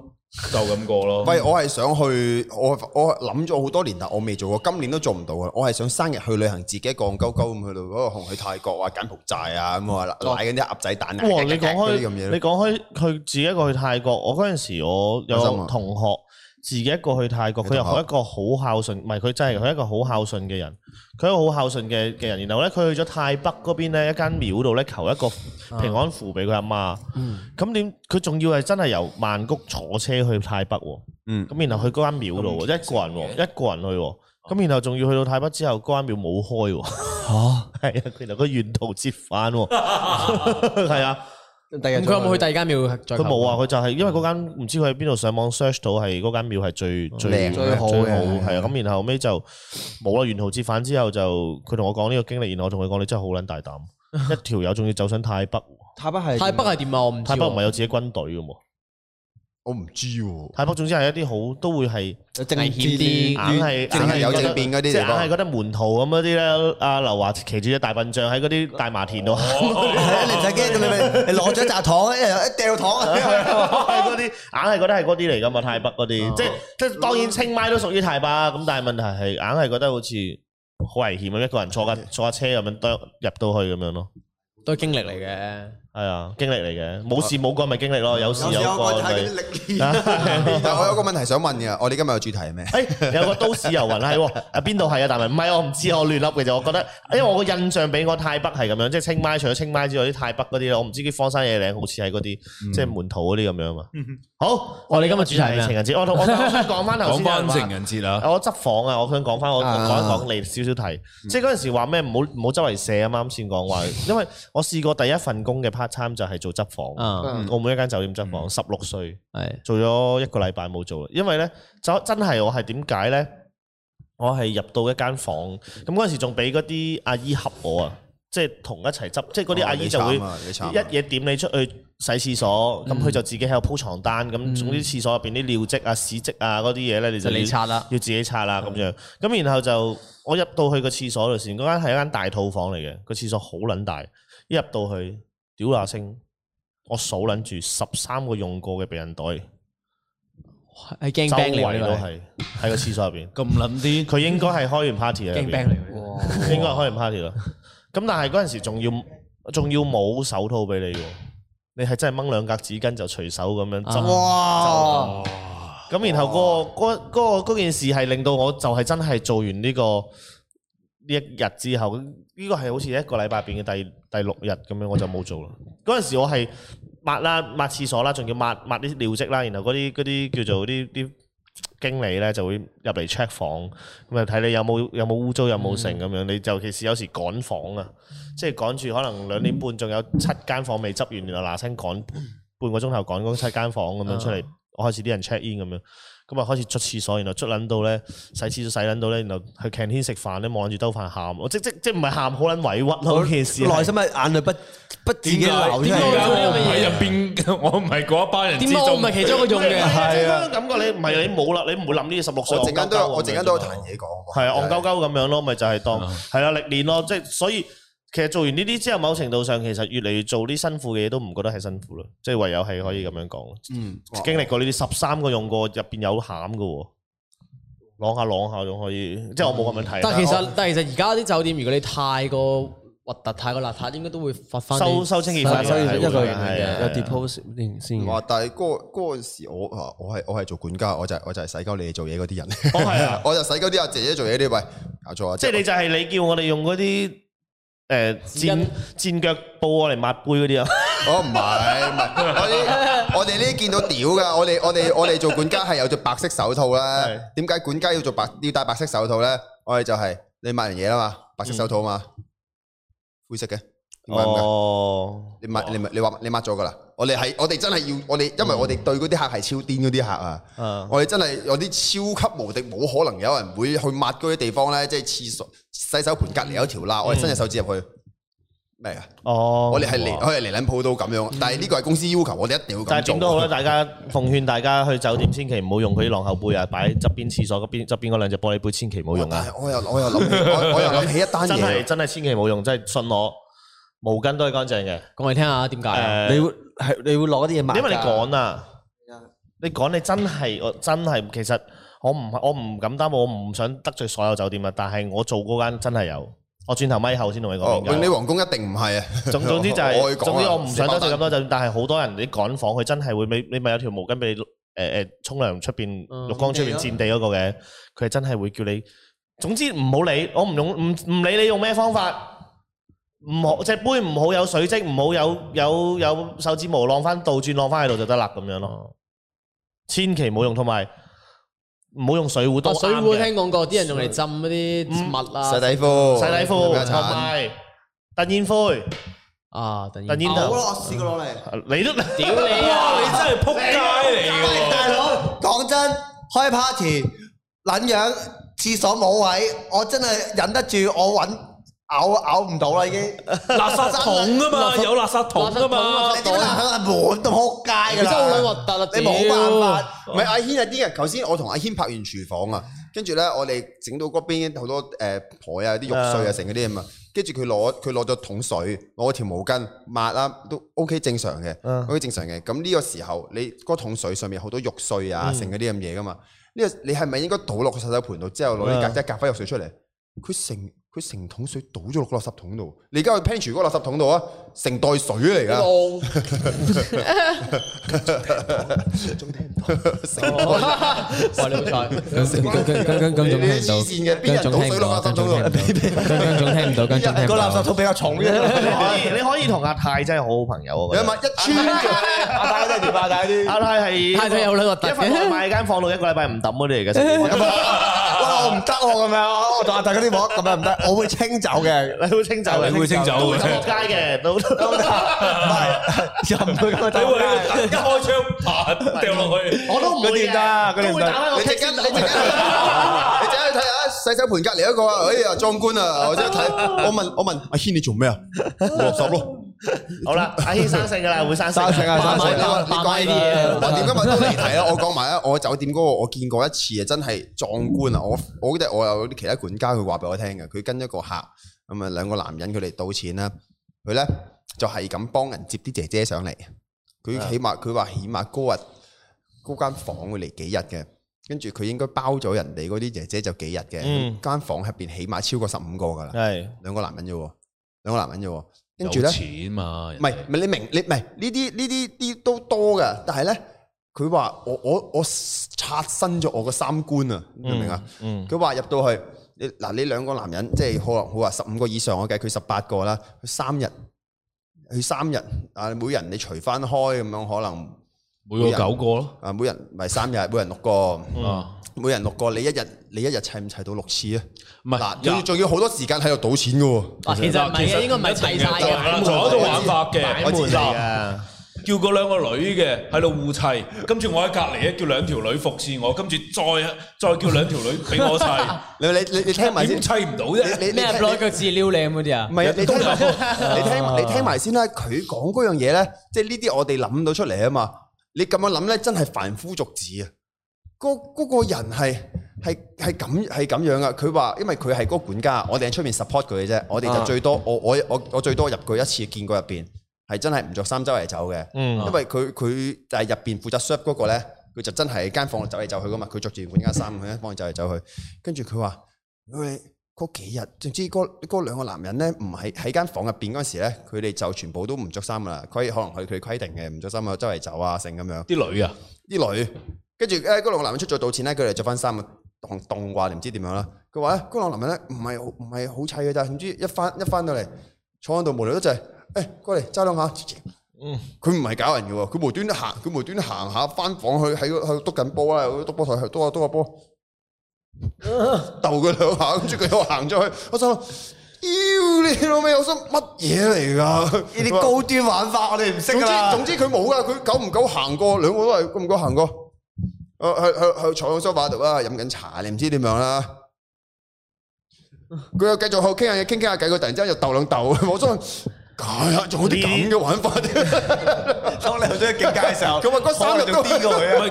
就咁過咯。喂，我係想去，我我諗咗好多年，但我未做過，今年都做唔到啊！我係想生日去旅行，自己一個戇鳩鳩咁去到嗰個去泰國啊，柬埔寨啊咁啊，買緊啲鴨仔蛋。哇！你講開，你講開，佢自己一個去泰國，我嗰陣時我有同學。自己一個去泰國，佢又係一個好孝順，唔係佢真係，佢係一個好孝順嘅人，佢係一個好孝順嘅嘅人。然後咧，佢去咗泰北嗰邊咧一間廟度咧求一個平安符俾佢阿媽。咁點、嗯？佢仲要係真係由曼谷坐車去泰北喎。咁、嗯、然後去嗰間廟度，嗯、一個人喎，嗯、一個人去。咁、嗯、然後仲要去到泰北之後，嗰間廟冇開喎。嚇！係啊，原來佢遠途折返喎。係啊。佢有冇去第二間廟？佢冇啊！佢就係因為嗰間唔知佢喺邊度上網 search 到係嗰間廟係最最最好係啊！咁然後後尾就冇啦。完後折返之後就佢同我講呢個經歷，然後我同佢講你真係好撚大膽，一條友仲要走上泰北。泰北係泰北係點啊？我唔知泰北唔係有自己軍隊噶喎。我唔知喎、啊，泰北總之係一啲好都會係危險啲，硬係係有政變嗰啲，即係硬係覺得門徒咁嗰啲咧。阿劉華騎住隻大笨象喺嗰啲大麻田度，你唔使驚嘅，你攞咗扎糖，一掉糖嗰啲，硬係覺得係嗰啲嚟㗎嘛？泰北嗰啲，即係即係當然清邁都屬於泰北啊。咁但係問題係硬係覺得好似好危險啊！一個人坐緊坐下車咁樣都入到去咁樣咯，都係經歷嚟嘅。係啊，經歷嚟嘅，冇事冇過咪經歷咯，有事有過。但我有個問題想問嘅，我哋今日嘅主題係咩？有個都市遊魂係，邊度係啊？但係唔係我唔知，我亂笠嘅啫。我覺得，因為我個印象俾我太北係咁樣，即係青邁，除咗青邁之外，啲太北嗰啲我唔知啲荒山野嶺好似係嗰啲，即係門徒嗰啲咁樣嘛。好，我哋今日主題係情人節。我同我諗住講翻頭先啊。講翻情人節啊！我執房啊！我想講翻，我講一講你少少題。即係嗰陣時話咩？唔好唔好周圍寫啊！啱先講話，因為我試過第一份工嘅。part time 就係做執房，澳門、嗯、每一間酒店執房，十六歲，嗯、做咗一個禮拜冇做，因為咧，就真係我係點解咧？我係入到一間房，咁嗰陣時仲俾嗰啲阿姨恰我啊，就是嗯、即係同一齊執，即係嗰啲阿姨就會一嘢點你出去洗廁所，咁佢、嗯、就自己喺度鋪床單，咁、嗯、總之廁所入邊啲尿漬啊、屎漬啊嗰啲嘢咧，你就要擦啦，啊、要自己擦啦咁樣。咁、嗯、然後就我入到去個廁所度先，嗰間係一間大套房嚟嘅，個廁所好撚大，一入到去。小下聲，我數捻住十三個用過嘅避孕袋，G 周圍都係喺 個廁所入邊，咁捻啲。佢應該係開完 party 啊，Game 應該係開完 party 啦。咁哇但係嗰陣時仲要仲要冇手套俾你，你係真係掹兩格紙巾就隨手咁樣。哇！咁然後嗰、那個哇、那個件、那個那個那個、事係令到我就係真係做完呢、這個呢一日之後，呢、這個係好似一個禮拜變嘅第二。第六日咁樣我就冇做啦。嗰陣時我係抹啦，抹廁所啦，仲要抹抹啲尿漬啦。然後嗰啲嗰啲叫做啲啲經理咧就會入嚟 check 房，咁啊睇你有冇有冇污糟有冇成咁樣。你就尤其是有時趕房啊，即係趕住可能兩點半仲有七間房未執完，然後嗱聲趕半個鐘頭趕嗰七間房咁樣出嚟，oh. 我開始啲人 check in 咁樣。咁啊，開始出廁所，然後出撚到咧，洗廁所洗撚到咧，然後去擎天食飯咧，望住兜飯喊，即即即唔係喊好撚委屈咯，其實內心係眼淚不不自己流。喺入邊？嗯、我唔係嗰一班人之中，唔係其中一種嘅。係、欸、是啊，感覺你唔係你冇啦，你唔會諗呢十六歲。我陣間都我陣間都有彈嘢講。係、就是嗯、啊，戇鳩鳩咁樣咯，咪就係當係啊歷練咯，即係所以。所以其實做完呢啲之後，某程度上其實越嚟越做啲辛苦嘅嘢都唔覺得係辛苦咯，即係唯有係可以咁樣講。嗯，經歷過呢啲十三個用過入邊有餡噶，晾下晾下仲可以，即係我冇咁樣睇。但係其實但係其實而家啲酒店，如果你太過核突太過邋遢，應該都會發翻收收清潔費，一個人係嘅，有 deposit 先。哇！但係嗰嗰陣時我吓我係我係做管家，我就我就係洗交你哋做嘢嗰啲人。我係啊，我就洗交啲阿姐姐做嘢啲喂搞錯啊！即係你就係你叫我哋用嗰啲。誒，踐踐腳布、哦、 我嚟抹杯嗰啲啊？我唔係，我啲我哋呢啲見到屌㗎，我哋我哋我哋做管家係有著白色手套啦。點解是的 管家要做白要戴白色手套咧？我哋就係、是、你抹完嘢啦嘛，白色手套嘛，灰色嘅。哦噢，你抹你抹你話你抹咗噶啦，我哋係我哋真係要我哋，因為我哋對嗰啲客係超癲嗰啲客啊，嗯、我哋真係有啲超級無敵冇可能有人會去抹嗰啲地方咧，即係廁所洗手盆隔籬有一條罅，我哋伸隻手指入去咩啊？哦，我哋係嚟我哋嚟捻鋪都咁樣，嗯、但係呢個係公司要求，我哋一定要。但係點都好啦，大家奉勸大家去酒店，千祈唔好用佢啲浪口杯啊，擺喺側邊廁所嗰邊側邊嗰兩隻玻璃杯，千祈唔好用啊！我又我又諗 我又諗起一單嘢，真係千祈唔好用，真係信我。毛巾都係乾淨嘅，講嚟聽下點解啊？你會係你會攞啲嘢賣？因為你趕啊，你趕你真係我真係其實我唔我唔敢擔保，我唔想得罪所有酒店啊。但係我做嗰間真係有，我轉頭咪後先同你講。你皇宮一定唔係啊。總總之就係，總之我唔想得罪咁多酒店。但係好多人你趕房，佢真係會你你咪有條毛巾俾你，誒誒沖涼出邊浴缸出邊佔地嗰個嘅，佢真係會叫你。總之唔好理，我唔用唔唔理你用咩方法。唔好隻杯，唔好有水漬，唔好有有有手指毛，晾翻倒轉晾翻喺度就得啦，咁樣咯。千祈唔好用，同埋唔好用水壺。水壺聽講過，啲人用嚟浸嗰啲物啊。洗底褲、洗底褲同埋抌煙灰。啊，抌煙頭。好咯，我試過攞嚟。你都？屌你？你真係扑街嚟！大佬，講真，開 party，撚樣廁所冇位，我真係忍得住，我搵。咬啊咬唔到啦已經，垃圾桶啊嘛，有垃圾桶啊嘛，點解垃圾桶、啊、都撲街噶啦？你真係好核突，你冇辦法。唔係噢 阿軒阿啲嘅，頭先我同阿軒拍完廚房啊，跟住咧我哋整到嗰邊好多誒台啊、啲、呃、肉碎啊、剩嗰啲咁啊，跟住佢攞佢攞咗桶水，攞條毛巾抹啦，都 OK 正常嘅，OK 正常嘅。咁呢、嗯、個時候你嗰桶水上面好多肉碎啊，剩嗰啲咁嘢噶嘛？呢個你係咪應該倒落個洗手盆度，之後攞啲夾即係夾翻肉碎出嚟？佢成。佢成桶水倒咗落個垃圾桶度，你而家去 pinch 住個垃圾桶度啊，成袋水嚟噶。總 聽唔到。哇！你唔該。總聽唔到。跟跟跟跟總聽唔到。個垃圾桶比較重嘅。你可以，你可以同阿泰真係好好朋友。你問一穿住阿泰都係條阿仔啲，阿泰係泰仔有兩個底，買間放到一個禮拜唔揼嗰啲嚟嘅。 我唔得喎咁樣，我同大家啲膜咁樣唔得，我會清走嘅，你會清走嘅，我走會清走嘅，落 街嘅，都 都都係入去咁啊打街，一開槍掉落去， 我都唔會嘅。佢哋 會打開我踢嘅，你陣間去睇下。洗手盆隔籬一個，哎呀壯觀啊！我陣間去睇，我問我問阿軒你做咩啊？我垃圾咯。 好啦了，阿謙生性噶啦， 會生性，別講乖啲啊。我點解咪都係啊？我講埋啊，我酒店嗰個我見過一次啊，真係壯觀啊！ 我我記得我有啲其他管家佢話俾我聽嘅，佢跟一個客咁啊，兩個男人佢哋賭錢啦，佢咧就係咁幫人接啲姐姐上嚟。佢起碼佢話起碼嗰日嗰間房會嚟幾日嘅，跟住佢應該包咗人哋嗰啲姐姐就幾日嘅。嗯，間房入邊起碼超過十五個噶啦，係兩個男人啫，兩個男人啫。有錢嘛？唔係唔係你明，你唔係呢啲呢啲啲都多嘅，但係咧佢話我我我刷新咗我個三觀啊，明唔明啊？嗯，佢話入到去你嗱，你兩個男人即係可能佢話十五個以上，我計佢十八個啦，佢三日佢三日啊，每人你除翻開咁樣可能每，每個九個咯，啊，每人唔係三日，每人六個、嗯、啊。每人六個，你一日你一日砌唔砌到六次啊？唔係，仲要好多時間喺度賭錢嘅喎。其實唔係嘅，應該唔係砌晒嘅。仲有一種玩法嘅，我知啦。叫嗰兩個女嘅喺度互砌，跟住我喺隔離咧，叫兩條女服侍我，跟住再再叫兩條女俾我砌。你你你聽埋先，砌唔到啫。你咩兩腳趾撩靚嗰啲啊？唔係你你聽你聽埋先啦，佢講嗰樣嘢咧，即係呢啲我哋諗到出嚟啊嘛。你咁樣諗咧，真係凡夫俗子啊！個嗰個人係係係咁係咁樣啊！佢話，因為佢係嗰管家，我哋喺出面 support 佢嘅啫。我哋就最多、啊、我我我我最多入佢一次見過入邊，係真係唔着衫周圍走嘅。嗯啊、因為佢佢就係入邊負責 shop 嗰個咧，佢就真係間房走嚟走去噶嘛。佢着住管家衫，佢間房走嚟走去。跟住佢話，嗰幾日總之嗰嗰兩個男人咧，唔喺喺間房入邊嗰時咧，佢哋就全部都唔着衫噶啦。規可能佢佢規定嘅，唔着衫啊，周圍走啊，成咁樣。啲女啊，啲女。 跟住誒嗰兩個男人出咗賭錢呢，佢嚟就翻衫啊，凍凍掛，唔知點樣啦。佢話咧：，嗰兩個老男人咧，唔係唔係好砌嘅，但係唔知一翻一翻到嚟，坐喺度無聊得滯。誒、哎，過嚟揸兩下。嗯，佢唔係搞人嘅喎，佢無端端行，佢無端端行下翻房去，喺個喺度督緊波啦，喺度督波台去督下督下波。嗯，鬥佢兩下，跟住佢又行咗去。我心諗：妖、哎、你老味，我心乜嘢嚟㗎？呢啲高端玩法你哋唔識啊。總之總之佢冇噶，佢久唔久行過兩個都係久唔久行過？我係係係坐喺梳化度啊，飲緊茶，你唔知點樣啦。佢又繼續好傾下嘢，傾傾下偈，佢突然之間又鬥兩斗，我真係，係啊，仲有啲咁嘅玩法。我哋喺度競技嘅時候，咁啊，嗰三個人仲癲過佢啊。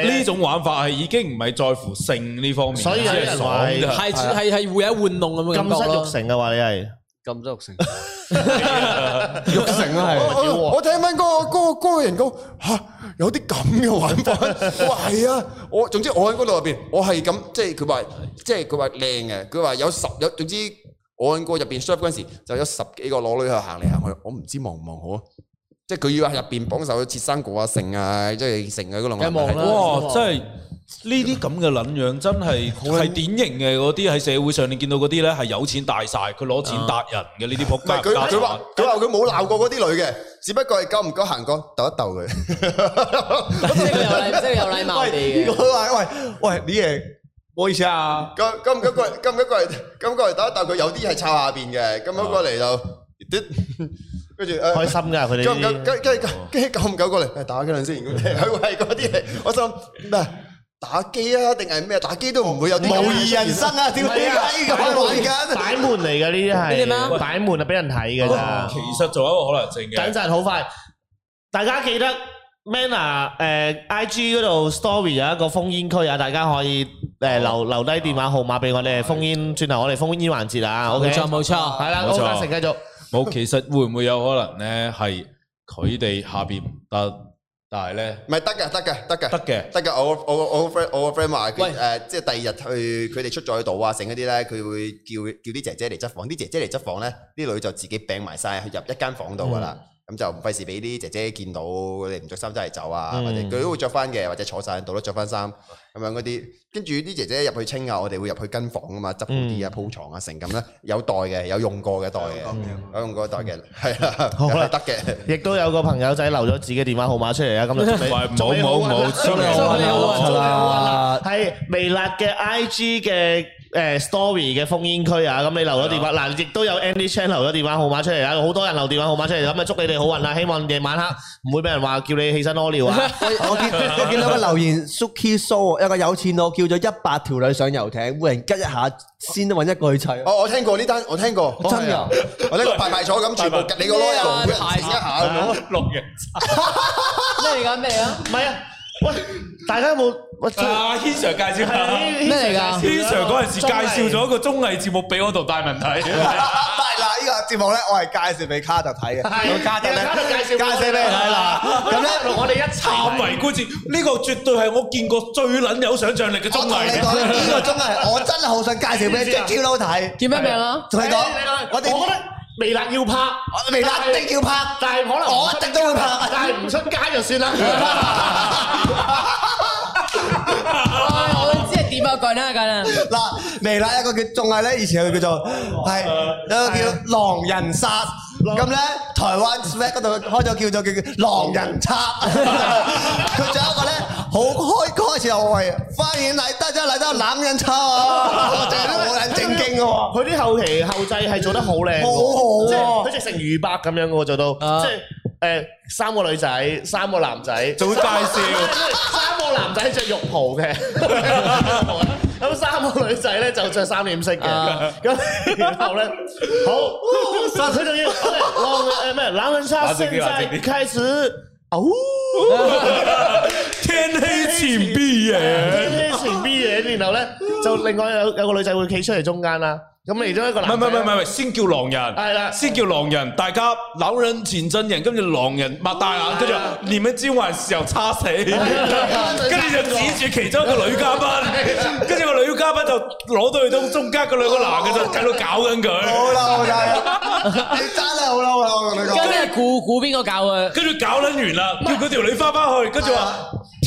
咁呢種玩法係已經唔係在乎性呢方面，所以有人係係係係會有玩弄咁樣感覺咯。金身玉成嘅話，你係金身玉成，玉成啊係。我我聽聞嗰個嗰個嗰個人講吓。有啲咁嘅玩法，我係啊，我總之我喺嗰度入邊，我係咁，即係佢話，即係佢話靚嘅，佢話有十有總之我，我喺個入邊 serve 嗰陣時，就有十幾個裸女喺度行嚟行去，我唔知望唔望好啊，即係佢要喺入邊幫手去切生果啊、盛啊，即係盛啊嗰度。梗係望啦，真係～對、哦就是呢啲咁嘅捻樣真係，係典型嘅嗰啲喺社會上你見到嗰啲咧係有錢大晒，佢攞錢搭人嘅呢啲仆街。但係佢佢話佢話佢冇鬧過嗰啲女嘅，只不過係夠唔夠行過逗一逗佢。即係佢有禮，即係佢有禮貌嚟嘅。呢個都係，喂喂，李爺，唔好意思啊夠夠唔夠過嚟？夠唔夠過嚟？夠唔夠過嚟？逗一逗佢，有啲係抄下邊嘅，咁樣過嚟就，跟住開心噶佢哋。夠唔夠？跟跟跟夠唔夠過嚟？嚟打佢兩聲，佢係嗰啲嚟，我心嗱。打機啊？定係咩？打機都唔會有啲冇意人生啊？點解咁玩緊？擺門嚟噶呢啲係。擺門啊，俾人睇噶咋。其實仲有一個可能性嘅。等陣好快，大家記得 Man 啊，誒，IG 嗰度 Story 有一個封煙區啊，大家可以誒留留低電話號碼俾我哋封煙。轉頭我哋封煙環節啊，OK。冇錯，冇錯。係啦，好，阿成繼續。冇，其實會唔會有可能咧？係佢哋下邊得。但係咧，唔係得嘅，得嘅，得嘅，得嘅，得嘅。我我我個 friend 我個 friend 話佢誒，即係第二日去佢哋出咗去賭啊，剩嗰啲咧，佢會叫叫啲姐姐嚟執房，啲、嗯、姐姐嚟執房咧，啲女就自己病埋曬入一間房度噶啦。嗯咁就唔費事俾啲姐姐見到我哋唔著衫走嚟走啊，或者佢都會著翻嘅，或者坐曬喺度都著翻衫咁樣嗰啲。跟住啲姐姐入去清啊，我哋會入去跟房啊嘛，執好啲啊，鋪牀啊成咁啦。有袋嘅，有用過嘅袋嘅，有用過嘅袋嘅，係啦，好啦，得嘅。亦都有個朋友仔留咗自己電話號碼出嚟啊，咁就做你好，做你好啦。係微辣嘅 IG 嘅。誒 story 嘅烽煙區啊，咁你留咗電話嗱，亦都有 Andy Chan 留咗電話號碼出嚟啊，好多人留電話號碼出嚟，咁啊祝你哋好運啊！希望夜晚黑唔會俾人話叫你起身屙尿啊！我見見到個留言 Suki Show 一個有錢佬叫咗一百條女上遊艇，每人吉一下先揾一個去砌。哦，我聽過呢單，我聽過，真㗎！我呢排排坐咁，全部吉你個籮柚，太一下落嘅，咩嚟緊嚟啊？唔係啊，喂，大家有冇。阿軒 Sir 介紹下咩嚟㗎？軒 Sir 嗰陣時介紹咗一個綜藝節目俾我度大文睇。唔係啦，呢個節目咧，我係介紹俾卡特睇嘅。卡特咧，介紹俾你睇啦。咁咧，我哋一探圍觀住，呢個絕對係我見過最撚有想像力嘅綜藝。我同你講呢個綜藝，我真係好想介紹俾 Jackie 睇。叫咩名啊？同你講，我覺得微辣要拍，微辣一定要拍，但係可能我一定都會拍，但係唔出街就算啦。 哎、我都知係點啊！講啦，講啦。嗱，未啦，一個叫仲係咧，以前佢叫做係、 啊、一個叫狼人殺，咁咧台灣 Sweat 嗰度開咗叫做叫狼人殺。佢仲 有一個咧，好開嗰時候係我係翻演嚟，得啫嚟到冷人殺，正正經嘅喎。佢啲後期後製係做得、嗯嗯、好靚、啊，好好佢即成魚白咁樣嘅喎，做到、啊。嗯啊誒三個女仔，三個男仔，做大笑。三個， 三個男仔着浴袍嘅，咁三個女仔咧就着三點式嘅，咁 然後咧，好，佢仲要，浪，誒唔係狼人殺，現在開始，哦， 天黑前變嘢，天黑前變嘢，然後咧就另外有有個女仔會企出嚟中間啦。咁嚟咗一個男，唔係唔係唔係唔係，先叫狼人，係啦，先叫狼人，大家狼人前陣人，跟住狼人擘大眼，跟住練一招，係時候叉死，跟住就指住其中一個女嘉賓，跟住個女嘉賓就攞到去中中間嗰兩個男嘅度，喺度搞緊佢，好啦好啦，你真係好啦好啦，我同你講，跟住估估邊個搞嘅，跟住搞緊完啦，叫嗰條女翻返去，跟住話。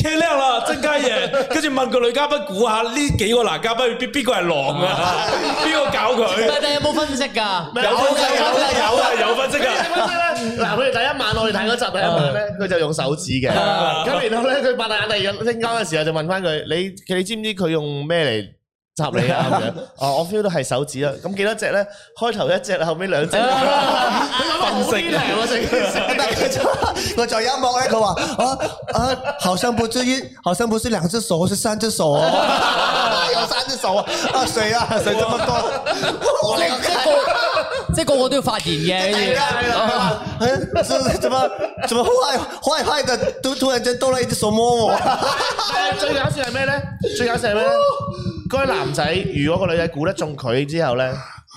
聽靚啦，鄭嘉穎，跟住問個女嘉賓估下呢幾個男嘉賓邊邊個係狼啊？邊個搞佢？擘大有冇分析㗎？有啦，有啦，有啦，有分析㗎。嗱，佢哋 第一晚我哋睇嗰集第一晚咧，佢 就用手指嘅。咁 然後咧，佢擘大眼第二日清光嘅時候就問翻佢：你你知唔知佢用咩嚟？紮你啊！哦， 我 feel 到係手指啊。咁幾多隻咧？開頭一隻，後尾兩隻，咁樣分色啊！我仲想得，我仲一望咧，佢話啊啊，好像不至於，好像不是兩隻手，是三隻手哦、 啊。有三隻手啊！誰啊？誰這麼多？我有三隻手。即係個個都要發言，真係啊！嗯，做乜做乜好嗨好嗨嗨！的，突突然間多咗一隻手摸我。最搞笑係咩咧？最搞笑係咩咧？嗰位男仔，如果個女仔估得中佢之後咧，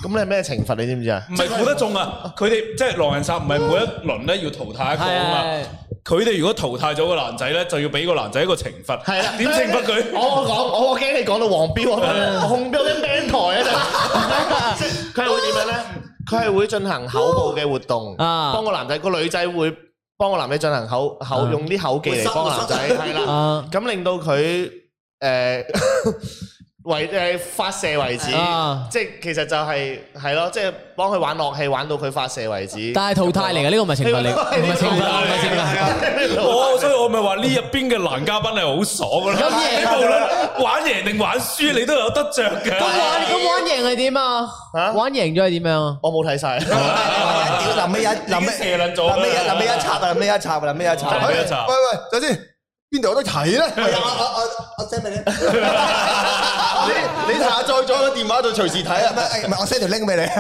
咁你係咩懲罰？你知唔知啊？唔係估得中啊！佢哋即係狼人殺，唔係每一輪咧要淘汰一個啊嘛。佢哋如果淘汰咗個男仔咧，就要俾個男仔一個懲罰。係啦，點懲罰佢？我講，我我驚你講到黃標啊，紅標嘅平台啊，就佢係會點樣咧？佢係會進行口部嘅活動，oh, uh, 幫個男仔，個女仔會幫個男仔進行口，口，用啲口技嚟幫個男仔，係、uh, 啦，咁、uh, 令到佢 為誒發射為止，即係其實就係係咯，即係幫佢玩樂器，玩到佢發射為止。但係淘汰嚟嘅呢個唔係懲罰嚟，唔係懲罰嚟。哦，所以我咪話呢入邊嘅男嘉賓係好爽噶啦。咁你無論玩贏定玩輸，你都有得着嘅。咁玩咁玩贏係點啊？吓，玩贏咗係點樣啊？我冇睇晒。屌林咩一林咩蛇捻左，林咩一林咩一插啊！林咩一插，林咩一插。喂喂，等先。邊度有得睇啦，係啊，我我我我 send 俾你，你你下載咗個電話度隨時睇啊，唔係，唔係我 send 條 link 俾你，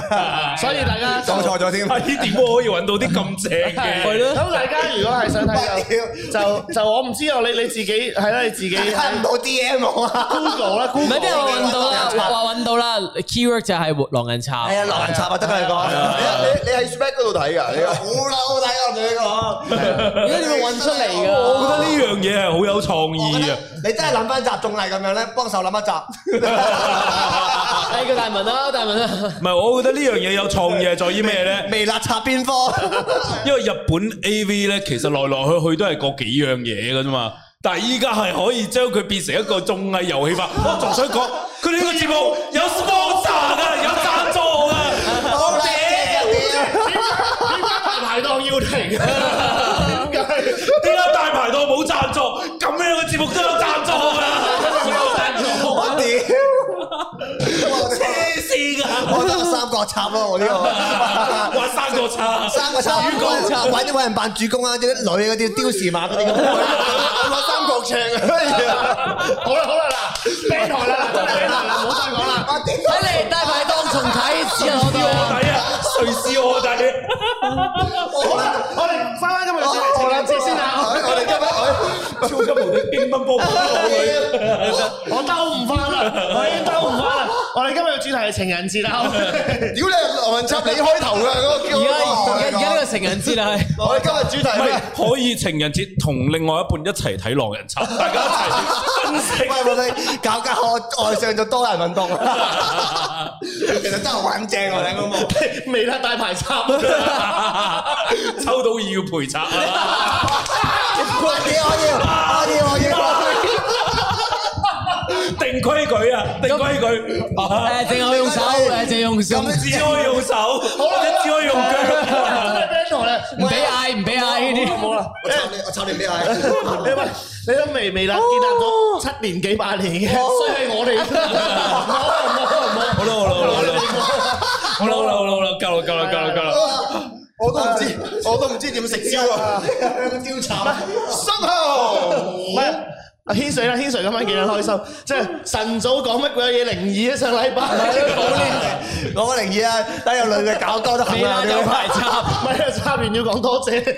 所以大家講錯咗添，咦？點可以搵到啲咁正嘅？咁大家如果係想睇有，就就我唔知道，你你自己係啦，你自己睇唔到 DM 啊？Google 啦，Google，唔係邊度搵到啦？話搵到啦，keyword 就係狼人插，係啊，狼人插啊，得佢一個，你你喺 Snap 嗰度睇噶，好大好大噶，得佢一個，如果你咪搵出嚟噶？呢樣嘢係好有創意啊！你真係諗翻集綜藝咁樣咧，幫手諗一集。睇個大文啦，大文啦。唔係，我覺得呢樣嘢有創意係在於咩咧？微辣插邊科。 因為日本 AV 咧，其實來來去去都係嗰幾樣嘢嘅啫嘛。但係依家係可以將佢變成一個綜藝遊戲化。 我仲想講，佢哋呢個節目有 sponsor 噶，有贊助噶。好正啊！ 你唔怕排檔邀請？ 點解大排檔冇贊助，咁樣嘅節目都有贊助啊？都有贊助，我屌，我黐線噶，我三角插咯，我呢個玩三角插，三角插，搵啲搵人扮主公啊！啲女嗰啲貂蟬嗰啲咁，我三角槍，好啦好啦嗱，停台啦，真係啦！嗱，唔好再講啦，睇你，大排檔重睇重對視我啊，大姐！好 啦樂， 我哋今晚今日主題係情人節先啊！我哋今日我超級無敵乒乓波，我兜唔翻啦，我已經兜唔翻啦！我哋 今日嘅主題係情人節啦，屌你《狼人殺》你開頭噶，我叫而家而家呢個情人節啦，我哋今日主題可以情人節同另外一半一齊睇《狼人殺》，大家一齊，唔係我哋搞搞愛上咗多人運動， 其實真係穩正我哋個夢未。 大排插，抽到要賠插啊！規矩我要，我要，我要定規矩啊！定規矩，誒，淨可用手，淨用手，只可用手，只可用腳。唔俾嗌，唔俾嗌呢啲，冇啦！我抽你，我抽你，唔俾嗌。你都未未啦，見得多七年幾百年嘅，衰係我哋。冇啦，冇啦，冇啦，冇啦，冇啦。好啦好啦好啦好啦，夠啦夠啦夠啦夠啦，我都唔知我都唔知點食蕉啊，蕉慘，收口。唔係阿軒 Sir 啦，軒 Sir 今晚見得開心，即係晨早講乜鬼嘢靈異啊，上禮拜講啲，講個靈異啊，但係又兩句講多得好，唔係啦，就太差，唔係啊，插完要講多謝，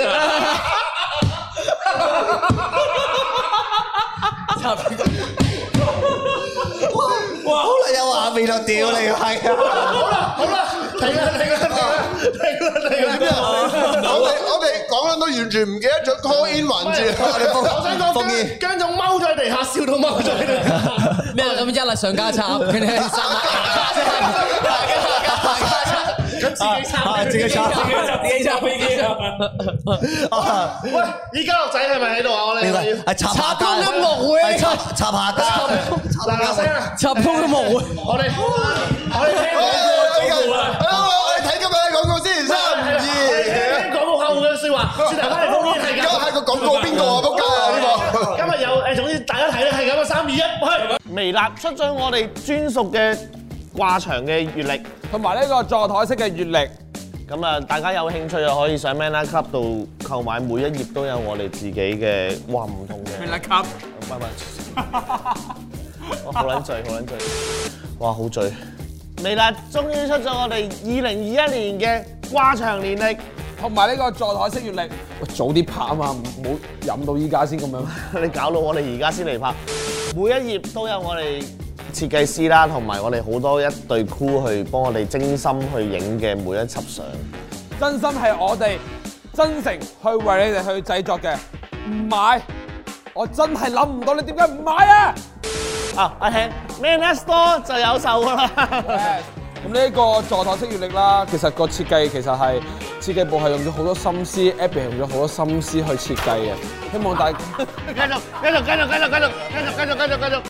差別。哇！好啦，又話未落屌你，係啊！好啦，好啦，停啦，停啦，停啦，停啦，停啦，我哋我哋講咗都完全，唔記得咗 Call in 環節。我想講奉依，跟住踎咗喺地下笑到踎咗喺地下。咩啊？咁一嚟上加插，跟住三。自己插飛機，自己插飛機。喂，而家樂仔係咪喺度啊？我哋插插風音樂會，插插下啦。插風音樂會，我哋好聽啊！我哋睇今日嘅廣告先，先聽廣告客戶嘅説話。先嚟翻嚟鋪面睇。而家係個廣告邊個啊？嗰家啊，邊個？今日有誒，總之大家睇啦，係咁啊，三二一，開！微辣出咗我哋專屬嘅。掛牆嘅月曆同埋呢個座台式嘅月曆，咁啊，大家有興趣就可以上 Manla Cup 度購買，每一頁都有我哋自己嘅，哇，唔同嘅。月曆卡。l a 我好撚醉，好撚醉， 哇，好醉。嚟喇，終於出咗我哋二零二一年嘅掛牆年曆，同埋呢個座台式月曆。喂，早啲拍啊嘛，唔好飲到依家先咁樣， 你搞到我哋而家先嚟拍。 每一頁都有我哋。設計師啦，同埋我哋好多一隊 crew 去幫我哋精心去影嘅每一輯相，真心係我哋真誠去為你哋去製作嘅。唔買，我真係諗唔到你點解唔買啊！啊，阿兄，咩咩 store 就有售啦。咁呢一個座台式月曆啦，其實個設計其實係設計部係用咗好多心思，Abby 用咗好多心思去設計嘅。希望大家 繼續，繼續，繼續，繼續，繼續，繼續，繼續，繼續。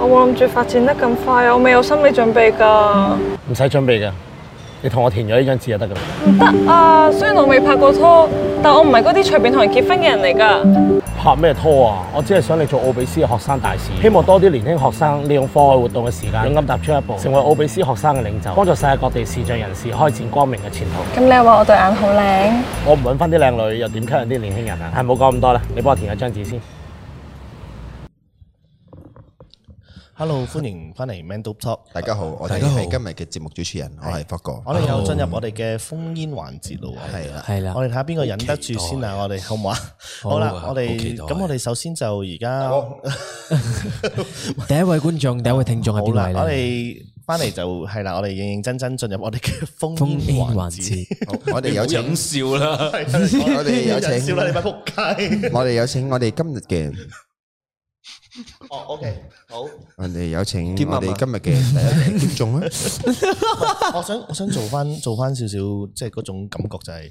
我冇諗住發展得咁快，我未有心理準備噶，唔使準備嘅，你同我填咗呢張紙就得噶啦。唔得啊！雖然我未拍過拖，但我唔係嗰啲隨便同人結婚嘅人嚟噶。拍咩拖啊？我只係想你做奧比斯嘅學生大使，希望多啲年輕學生利用課外活動嘅時間，勇敢踏出一步，成為奧比斯學生嘅領袖，幫助世界各地視障人士開展光明嘅前途。咁你又話我對眼好靚，我唔揾翻啲靚女，又點吸引啲年輕人啊？係冇講咁多啦，你幫我填下張紙先。Hello，歡迎翻嚟 Mandopop，大家好，我哋係今日嘅節目主持人，我係發哥，我哋又進入我哋嘅烽煙環節咯，係啦，係啦，我哋睇下邊個忍得住先啦，我哋好唔好啊？好啦，我哋咁，我哋首先就而家，第一位觀眾，第一位聽眾係邊位咧？我哋翻嚟就係啦，我哋認認真真進入我哋嘅烽煙環節，我哋有請笑啦，我哋有請笑啦，你咪仆街，我哋有請我哋今日嘅。哦，OK，好，我哋有請我哋今日嘅第一觀眾啦。我想我想做翻做翻少少，即係嗰種感覺就係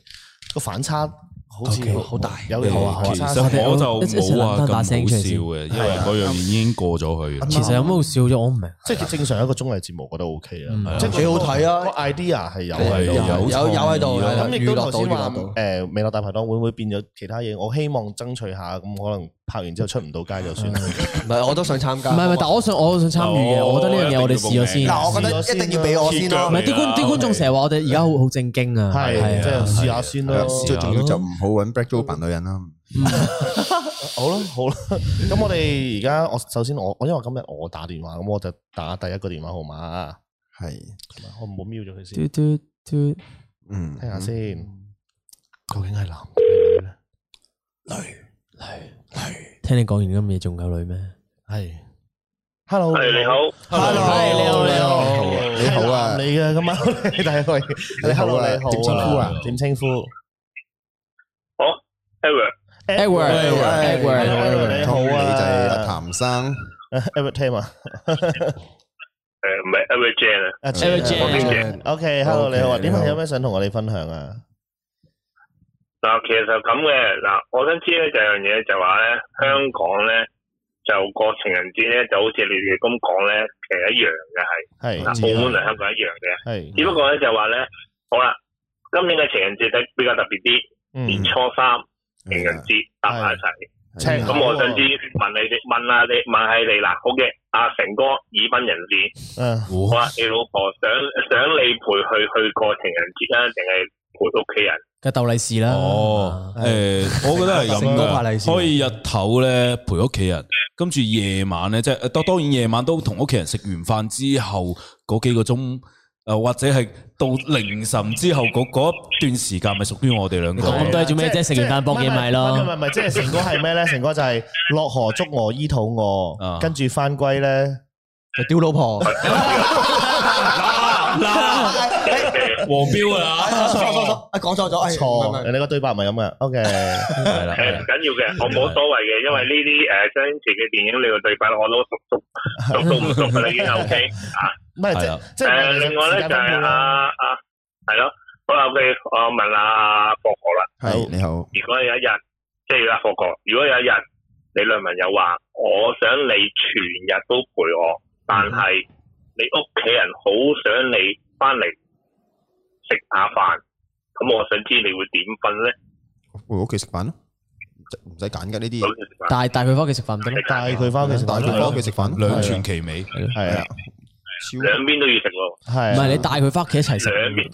個反差，好似好大。有冇啊？其實我就冇話咁好笑嘅，因為嗰樣嘢已經過咗去。其實有冇好笑啫？我唔明，即係正常一個綜藝節目，覺得 OK 啊，即係幾好睇啊。個 idea 係有，有有喺度。咁你都頭先話誒，美樂大排檔會唔會變咗其他嘢？我希望爭取下咁可能。拍完之後出唔到街就算啦。唔係，我都想參加。唔係唔係，但我想，我想參與嘅。我覺得呢樣嘢我哋試咗先。但我覺得一定要俾我先。唔係啲觀啲觀眾成日話我哋而家好好正經啊。係，即係試下先啦。最重要就唔好揾 Black Woman 女人啦。好啦好啦，咁我哋而家我首先我我因為今日我打電話，咁我就打第一個電話號碼啊。係，我唔好瞄咗佢先。嗯，聽下先，究竟係男定女咧？女。係係，聽你講完咁嘢，仲夠女咩？係，hello，係你好，hello，你好，你好啊，你嘅噶嘛？大家好，你好，你好啊，點稱呼啊？點稱呼？好，Edward，Edward，Edward，你好啊，你就係阿譚生，Edward Tam 啊，誒唔係 Edward Chan 啊，Edward Chan，OK，hello 你好，點解你有咩想同我哋分享啊？嗱，其實就咁嘅。嗱，我想知咧就樣嘢就話咧，香港咧就過情人節咧就好似你哋咁講咧，其實一樣嘅係。係。咁澳門同香港一樣嘅。係。只不過咧就話咧，好啦，今年嘅情人節咧比較特別啲，年初三情人節搭埋一齊。咁我，嗯、我想知問你哋，問下你，問下你啦，好嘅，阿成哥已婚人士，啊，嗯、好啊，你老婆想想你陪佢去過情人節啊，定係？陪屋企人，嘅斗利是啦。哦，誒、欸，我覺得係成哥派利是。 哥可以日頭咧陪屋企人，跟住夜晚咧即係，都當然夜晚都同屋企人食完飯之後嗰幾個鐘，誒或者係到凌晨之後嗰一段時間，咪屬於我哋兩個。咁都係做咩啫？食完飯博幾米咯。咁係咪，即係成哥係咩咧？成哥就係、是、 落河捉鵝，醫肚餓，啊、跟住翻歸咧就丟老婆。 黃標啊！錯，錯，講錯咗。錯，你個對白唔係咁嘅。O K，係啦，唔緊要嘅，我冇所謂嘅，因為呢啲誒，先前嘅電影你個對白我都熟熟熟熟唔熟噶 O K 啊，唔即係，誒，另外咧就係阿阿係咯，好啦，O K，我問阿博哥啦，係你好。如果有一日，即係阿博哥，如果有一日，你女朋友話，我想你全日都陪我，但係你屋企人好想你翻嚟，食下飯，咁我想知你會點瞓咧？回屋企食飯咯，唔使揀噶呢啲嘢。帶帶佢翻屋企食飯先。帶佢翻屋企食，帶佢翻屋企食飯，兩全其美係啊。兩邊都要食喎。係。唔係你帶佢翻屋企一齊食。兩邊。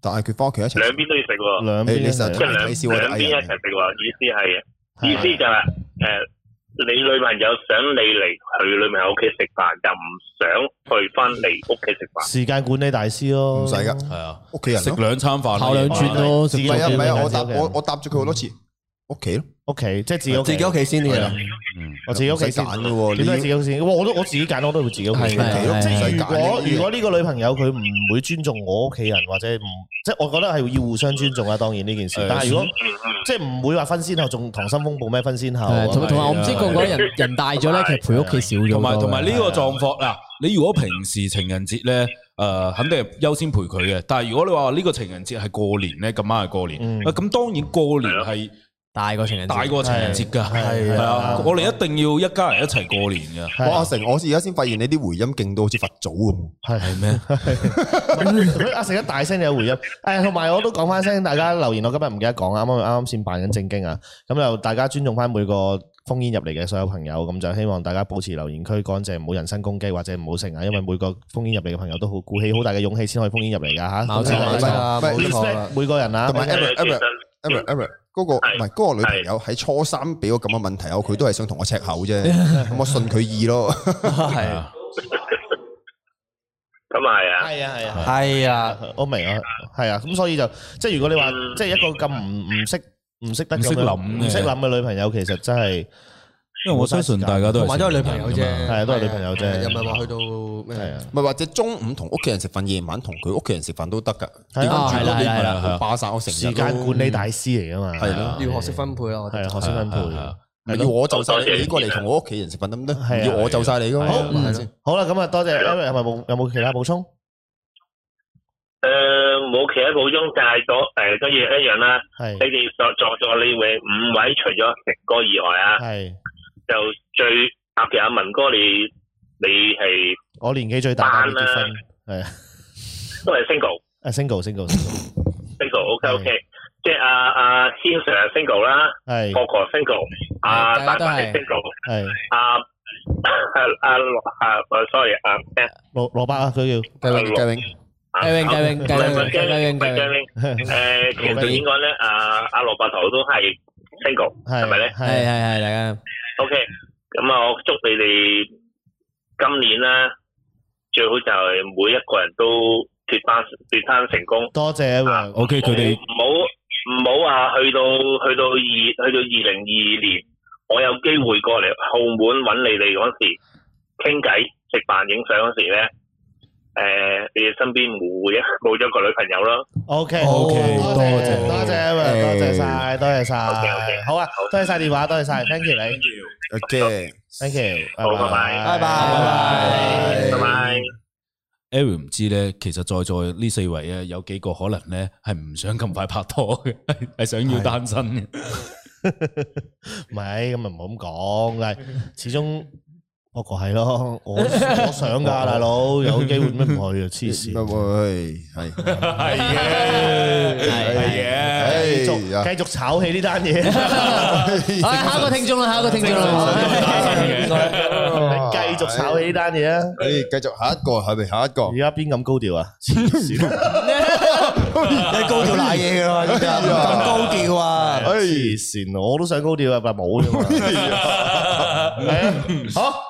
帶佢翻屋企一齊食。兩邊都要食喎。兩邊。即係兩兩邊一齊食，意思係。意思就係誒。你女朋友想你嚟佢女朋友屋企食飯，又唔想去翻嚟屋企食飯。時間管理大師咯，唔使噶，係啊，屋企人食兩餐飯，跑兩圈咯。唔係啊，唔係啊，啊我答我答我答住佢好多次屋企、嗯、咯。屋企，即係自己自己屋企先啲㗎。我自己屋企揀嘅喎，點都係自己先。我我都我自己揀，我都會自己屋企。即係如果如果呢個女朋友佢唔會尊重我屋企人，或者唔即係我覺得係要互相尊重啊。當然呢件事，但係如果即係唔會話分先後，仲溏心風暴咩分先後。同埋同埋我唔知個個人人大咗咧，其實陪屋企少咗。同埋同埋呢個狀況嗱，你如果平時情人節咧，誒肯定係優先陪佢嘅。但係如果你話呢個情人節係過年咧，咁啱係過年，咁當然過年係。大過情人節，大過情人節噶係啊！我哋一定要一家人一齊過年噶。哇，阿成，我而家先發現你啲回音勁到好似佛祖咁，係咩？阿成，一大聲有回音。誒，同埋我都講翻聲，大家留言，我今日唔記得講，啱啱啱啱先扮緊正經啊！咁又大家尊重翻每個烽煙入嚟嘅所有朋友，咁就希望大家保持留言區乾淨，冇人身攻擊或者冇性啊！因為每個烽煙入嚟嘅朋友都好鼓起好大嘅勇氣先可以烽煙入嚟噶吓。冇錯，冇錯，冇錯，每個人啊，同埋 every every。Eric，Eric，嗰、嗰個唔係嗰個女朋友喺初三俾我咁嘅問題，我佢都係想同我赤口啫，咁我信佢意咯，係，咁係啊，係啊係啊，我明啊，係啊，咁、 啊、所以就即係如果你話即係一個咁唔唔識唔識得唔識諗唔識諗嘅女朋友，其實真、就、係、係。 因為我相信大家都，係買咗女朋友啫，係啊，都係女朋友啫，又唔係話去到咩，唔係或者中午同屋企人食飯，夜晚同佢屋企人食飯都得噶，係啦係啦係啦，霸晒我成，時間管理大師嚟噶嘛，係咯，要學識分配啊，我哋學識分配，要我做晒你過嚟同我屋企人食飯得唔得？要我做晒你噶嘛？好，好啦，咁啊多謝，係咪有冇其他補充？誒，冇其他補充，但係咁，誒，跟住一樣啦，你哋在在座呢位五位，除咗食哥以外啊。就最特別，阿文哥，你你係我年紀最大，單啦，係啊，都係 single，啊 single，single，single，OK OK，即係阿阿先生 single 啦，係，阿阿單單係 single，係，阿阿阿，sorry，阿羅羅伯啊，佢叫，繼榮，繼榮，繼榮，繼榮，繼榮，誒，其實應該咧，阿阿羅伯頭都係 single，係咪咧？係係係，大家。O K，咁啊，okay, 我祝你哋今年咧最好就係每一個人都脱單脱單成功。多謝啊，O K，佢哋唔好唔好話去到去到二去到二零二二年，我有機會過嚟澳門揾你哋嗰時傾偈、食飯影相嗰時咧。誒，你哋身邊冇一冇咗個女朋友咯？O K O K，多謝多謝，阿偉，多謝晒，多謝晒，好啊，多謝晒電話，多謝晒，Thank you，Okay，Thank you，拜拜，拜拜，拜拜，拜拜。阿偉唔知咧，其實在座呢四位啊，有幾個可能咧係唔想咁快拍拖嘅，係想要單身嘅。咪咁啊，唔好咁講，但係始終。不過係咯，我想噶大佬，有機會咩唔去啊？黐線，會係係嘅，係、哎、嘅，繼、哎哎、續繼續炒起呢單嘢。下一個聽眾啦，下一個聽眾啦，繼續炒起呢單嘢啊！誒，繼續下一個係咪下一個？而家邊咁高調啊？黐線，你 高調瀨嘢噶嘛？咁高調啊？黐線、啊哎，我都想高調啊，但係冇啊。好。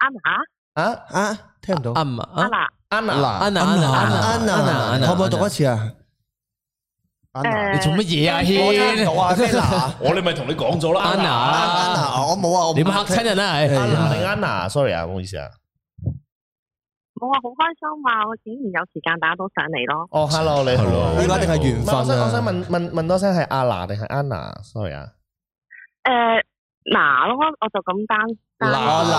安娜？啊啊，聽唔到。安娜。安娜。安娜。安娜。安娜。可唔可以讀一次啊？你做乜嘢啊？軒。我你咪同你講咗咯。安娜。安娜。我冇啊。我咪嚇親人啦係？安娜。安娜。Sorry 啊，唔好意思啊。冇啊，好開心啊，我竟然有時間大家都上嚟咯。哦，Hello，你好。呢個定係緣分啊。我想問問問多聲係 Anna 定係 Anna？Sorry 啊。誒。嗱咯，我就咁單單，啦啦啦啦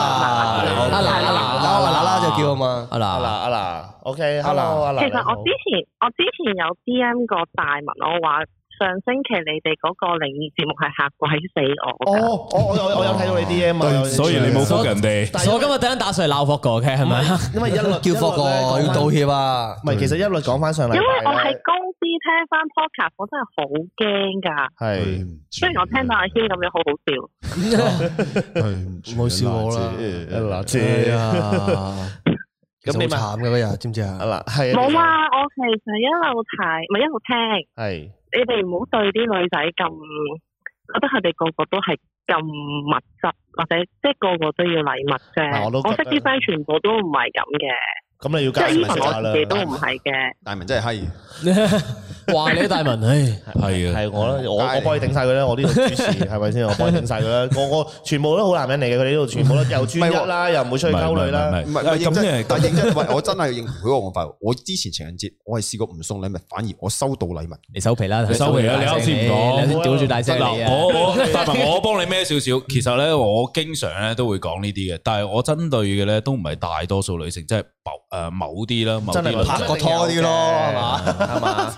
啦啦啦啦就叫嘛，阿啦阿啦阿啦，OK，hello，阿啦。其實我之前我之前有 DM 過大文，我話。上星期你哋嗰個靈異節目係吓鬼死我噶！哦，我我有睇到你 D M 啊，所以你冇覆人哋。但我今日第一打上嚟鬧霍哥，係咪啊？因為一路叫霍哥，我要道歉啊！唔係，其實一路講翻上嚟。因為我喺公司聽翻 Podcast，我真係好驚噶。係，雖然我聽到阿軒咁樣好好笑，唔好笑我啦，阿娜姐啊，咁你咪慘嘅咩？又知唔知啊？啊啦，係。冇啊！我其實一路睇，唔係一路聽。係。你哋唔好對啲女仔咁，覺得佢哋個個都係咁物質，或者即係個個都要禮物啫。我，我識啲 friend，全部都唔係咁嘅。咁你要即係呢份，我哋都唔係嘅。大明真係閪。 話你大文唉，係啊，係我啦，我我幫你頂晒佢啦，我呢度主持係咪先？我幫你頂晒佢啦，我我全部都好男人嚟嘅，佢哋呢度全部都又專一啦，又唔會出去溝女啦，唔係唔咁認真，唔係，我真係認同佢個方法。我之前情人節我係試過唔送禮物，反而我收到禮物。你收皮啦，收皮啦！你收先唔講先屌，住大聲我，我幫你咩少少。其實咧，我經常咧都會講呢啲嘅，但係我針對嘅咧都唔係大多數女性，即係某誒某啲啦，真係拍過拖啲咯。係嘛？係嘛。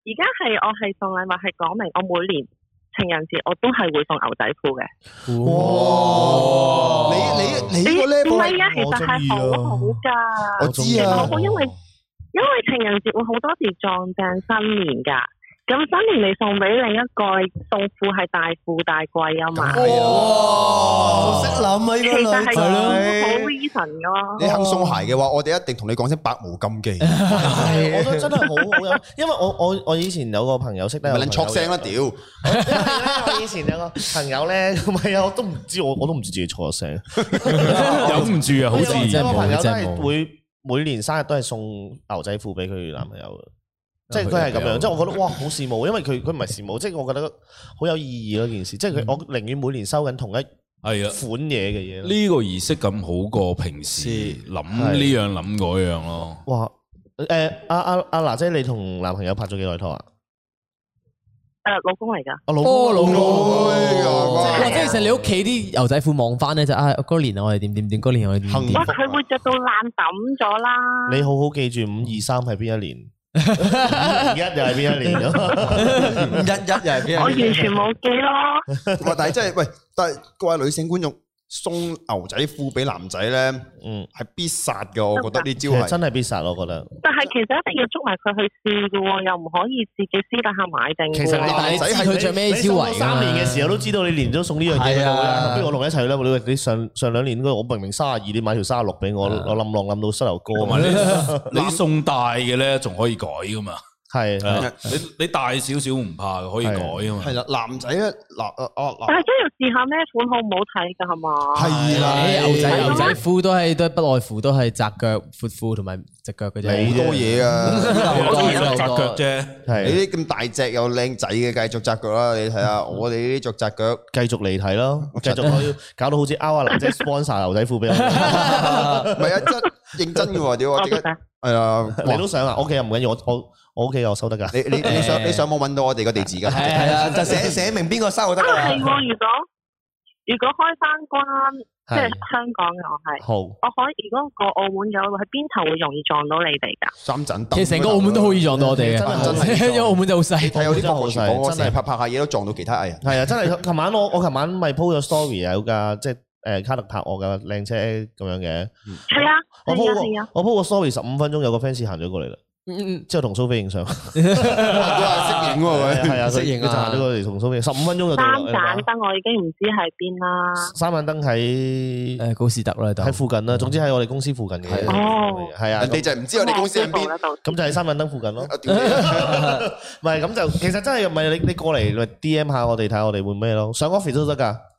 而家係我係送禮物係講明，我每年情人節我都係會送牛仔褲嘅。哇！哇你你你唔係你啊，啊其實係好好噶。我知啊，好知啊因為因為情人節會好多時撞正新年噶。有新年你送俾另一個送褲係大富大貴啊嘛！哇，識諗啊呢個女仔，其實係都好熱情噶。你肯送鞋嘅話，我哋一定同你講聲百無禁忌。我覺得真係好好，因為我我我以前有個朋友識得。有咪撻聲咯屌！我以前有個朋友咧，唔係啊，都唔知我我都唔知自己錯咗聲，忍唔住啊，好自然。我朋友都係會每年生日都係送牛仔褲俾佢男朋友。即係佢係咁樣，即係我覺得哇，好羨慕，因為佢佢唔係羨慕，即係我覺得好有意義嗰件事。嗯、即係佢，我寧願每年收緊同一款嘢嘅嘢。呢、嗯、個儀式感好過平時諗呢樣諗嗰樣咯。這個、哇，誒、呃，阿阿阿娜姐，你同男朋友拍咗幾耐拖啊？誒，老公嚟噶。我、啊、老公。即係成日你屋企啲牛仔褲望翻咧就，啊，嗰年我哋點點點，嗰年我哋點點點。哇，佢會着到爛抌咗啦。你好，好好記住五二三係邊一年？一又係邊一年咯？一一又係邊一年？ 我完全冇記咯。哇！ 但係真係喂，但係各位女性觀眾。送牛仔褲俾男仔咧，嗯，係必殺嘅，我覺得呢招係真係必殺，我覺得。但係其實一定要捉埋佢去試㗎，又唔可以自己私底下買定。其實你睇佢着咩招、啊、三年嘅時候都知道你連咗送呢樣嘢。係、嗯、啊，不如我同你一齊啦。你上上兩年，我明明卅二，你買條卅六俾我，嗯、我諗落諗到膝頭哥。 你送大嘅咧，仲可以改噶嘛？係，你你大少少唔怕嘅，可以改啊嘛。係啦，男仔咧，嗱，哦，但係都要試下咩款好唔好睇噶，係嘛？係啦，牛仔牛仔褲都係都不外乎都係窄腳闊褲同埋直腳嘅啫。好多嘢啊！好多嘢都係窄腳啫，係你啲咁大隻又靚仔嘅，繼續窄腳啦！你睇下我哋呢啲著窄腳，繼續嚟睇啦！繼續可以搞到好似歐亞男仔 sponsor 牛仔褲俾我，唔係啊，真認真嘅喎，屌我！係啊，你都想啊？O K 啊，唔緊要，我我我 O K 啊，收得噶。你你你想你上網揾到我哋個地址噶，係啊，就寫寫明邊個收得。係如果如果開翻關，即係香港嘅我係。好。我可以如果過澳門嘅，喺邊頭會容易撞到你哋噶？深圳其實成個澳門都好易撞到我哋嘅，因為澳門就好細。睇有啲波好細，我真係拍拍下嘢都撞到其他藝人。係啊，真係。琴晚我我琴晚咪 po 咗 story 有噶，即係。誒，卡特拍我嘅靚車咁樣嘅，係啊，我鋪過，我鋪個 story 十五分鐘有個 fans 行咗過嚟啦，之後同蘇菲影相，識影喎佢，係啊，識影佢就行咗過嚟同蘇菲。十五分鐘就到三盞燈，我已經唔知喺邊啦。三盞燈喺誒高士德啦，喺附近啦，總之喺我哋公司附近嘅。哦，係啊，人哋就唔知我哋公司喺邊，咁就喺三盞燈附近咯。唔係，咁就其實真係唔係你你過嚟咪 DM 下我哋睇我哋會咩咯？上個 office 都得噶。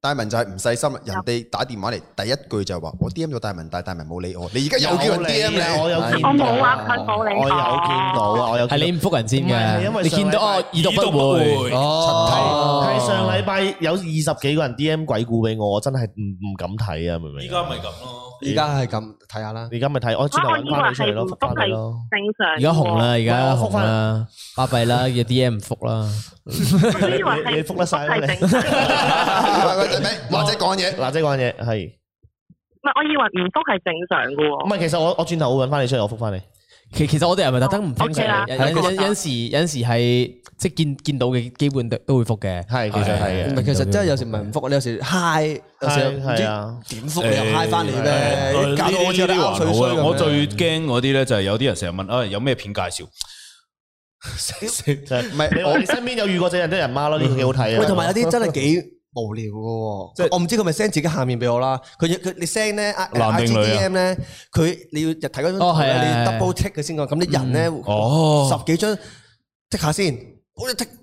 大文就係唔細心啦，人哋打電話嚟第一句就話我 D M 咗大文，但大文冇理我。你而家又叫人 D M 你，我冇話佢冇理我。係你唔覆人先嘅，你見到哦，耳讀唔會。係上禮拜有二十幾個人 D M 鬼故俾我，我真係唔唔敢睇啊，明唔明？而家咪咁咯，而家係咁睇下啦，而家咪睇。我轉頭搵翻你出嚟咯，覆你咯，正常。而家紅啦，而家紅啦，巴閉啦，有 D M 覆啦。你你覆得晒啦你，嗱，姐講嘢，或者講嘢，係唔係？我以為唔覆係正常嘅喎。唔 係，其實我我轉頭我搵翻你出嚟，我覆翻你。其其實我哋係咪特登唔覆？有有有有陣時有時係即係見見到嘅基本都都會覆嘅，係其實係、嗯。其實真係有時唔係唔覆，有有 hi, 有哎、你有時嗨，i 有時點覆你又嗨 i 翻你咧，搞到、哎、我有啲話我最驚嗰啲咧就係有啲人成日問啊、哎、有咩片介紹。食食就唔係你我身邊有遇過仔人啲人媽咯，啲嘢 好睇啊。同埋、嗯、有啲真係幾無聊嘅， 我唔知佢咪 send 自己下面俾我啦。佢你 send 咧啊，I G D M 咧，你要入睇嗰張圖你 double tick 佢先講。咁啲、嗯、人呢，哦、十幾張 tick 下先。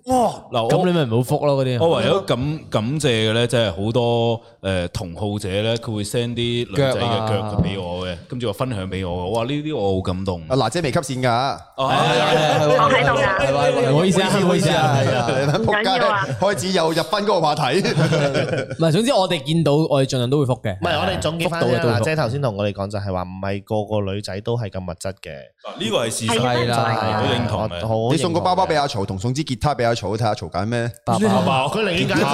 我咁你咪唔好覆咯嗰啲。我唯有感感謝嘅咧，即係好多誒同好者咧，佢會 send 啲女仔嘅腳佢俾我嘅，跟住我分享俾我。嘩，呢啲我好感動。嗱，姐未吸線㗎，我喺度噶。唔好意思，唔好意思。唔緊要啊，開始又入翻嗰個話題。唔係，總之我哋見到我哋盡量都會覆嘅。唔係，我哋總結翻啊！姐頭先同我哋講就係話，唔係個個女仔都係咁物質嘅。呢個係事實啦，好認同。你送個包包俾阿曹同送支。吉他俾阿曹睇下，曹揀咩？佢寧願揀支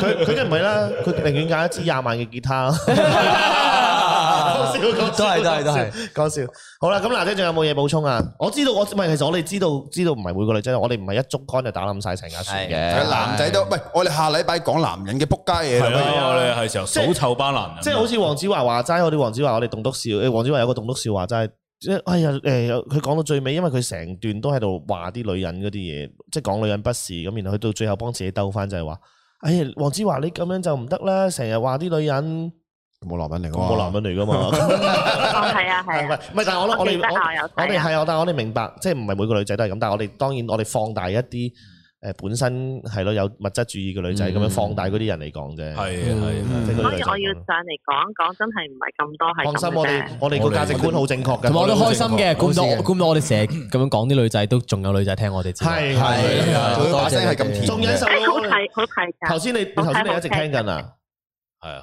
佢，佢梗唔係啦，佢寧願揀一支廿萬嘅吉他啦。講笑講笑，都係都係都係講笑。好啦，咁男仔仲有冇嘢補充啊？我知道我唔係，其實我哋知道知道唔係每個女仔，我哋唔係一竹篙就打冧晒成架船嘅。是的 男仔都是的 喂，我哋下禮拜講男人嘅撲街嘢。係啦的，我哋係時候數臭巴即好臭班男。即係好似黃子華話齋，我哋黃子華，我哋棟篤笑。誒，黃子華有個棟篤笑話齋。即係哎呀，誒，佢講到最尾，因為佢成段都喺度話啲女人嗰啲嘢，即係講女人不是咁，然後佢到最後幫自己兜翻，就係話，哎呀，黃子華你咁樣就唔得啦，成日話啲女人，冇男人嚟噶，冇男人嚟噶嘛，係啊係啊，唔係，但係我我哋我哋係啊， 但係我哋明白，即係唔係每個女仔都係咁，但係我哋當然我哋放大一啲。誒，本身係咯，有物質主義嘅女仔咁樣放大嗰啲人嚟講啫。係啊係啊，所以我要上嚟講一講，真係唔係咁多，係咁嘅。放心，我哋我哋個價值觀好正確嘅。同埋我都開心嘅，估唔到估唔到，我哋成日咁樣講啲女仔，都仲有女仔聽我哋。係係啊，嗰把聲係咁甜。誒，好睇好睇噶。頭先你頭先你一直聽緊啊？係啊。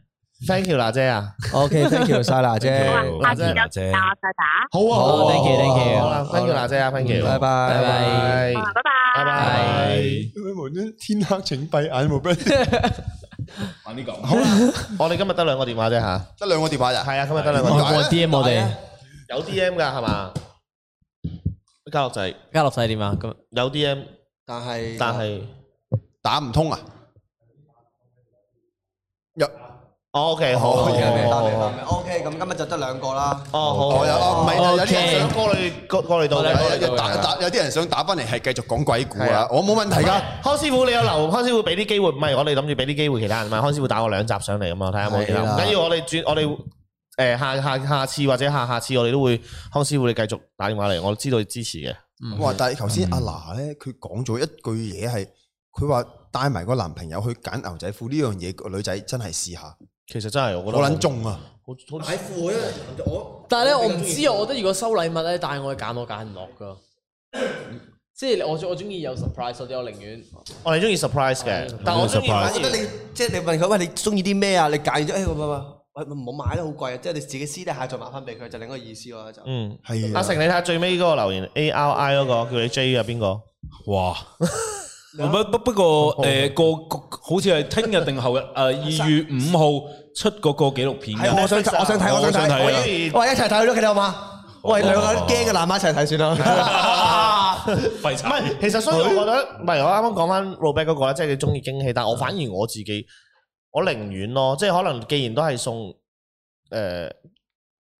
Thank you 娜姐啊，OK，Thank you 晒娜姐，娜姐，阿樂仔打，好啊好啊，Thank you，Thank you，Thank you 娜姐啊，Thank you，拜拜拜拜，拜拜拜拜，天黑請閉眼，慢啲講，好，我哋今日得兩個電話啫吓，得兩個電話咋，係啊，今日得兩個電話咧，有 DM 我哋，有 DM 噶係嘛，嘉樂仔，嘉樂仔點啊，有 DM，但係，但係打唔通啊，一。O K，好，打俾打俾，O K，咁今日就得兩個啦。哦，我有，唔係有啲人想過嚟過過嚟度打有啲人想打翻嚟係繼續講鬼故啊！我冇問題噶，康師傅你有留，康師傅俾啲機會，唔係我哋諗住俾啲機會其他人嘛。康師傅打我兩集上嚟咁嘛？睇下冇嘢啦。唔緊要，我哋轉，我哋誒下下下次或者下下次我哋都會康師傅你繼續打電話嚟，我知道你支持嘅。哇！但係頭先阿娜咧，佢講咗一句嘢係，佢話帶埋個男朋友去揀牛仔褲呢樣嘢，個女仔真係試下。其實真係，我覺得好捻重啊！好，好。但係咧，我唔但知啊。我覺得如果收禮物咧，帶我去揀，我揀唔落噶。 即係我 prise, 我中意有 surprise，或者我寧願我係中意 surprise 嘅。哦、sur 對但我中意，我覺得你即係你問佢喂，你中意啲咩啊？你介完咗誒，我爸唔好買得好貴啊！即係你自己私底下再買翻俾佢，就另一個意思咯，就嗯係。啊、阿成，你睇下最尾嗰個留言，A、R、I 嗰、嗰個 Okay. 叫你 J 啊，邊個？哇！ 不不不過誒，個好似係聽日定後日誒，二月五號出嗰個紀錄片。係，我想睇，我想睇，我想睇喂，一齊睇咯，佢哋好嘛？喂、哦，兩個驚嘅男仔一齊睇先啦。廢柴。係，其實所以我覺得，唔係、嗯、我啱啱講翻 Robert 嗰個咧，即係你中意驚喜，但係我反而我自己，我寧願咯，即係可能既然都係送誒。呃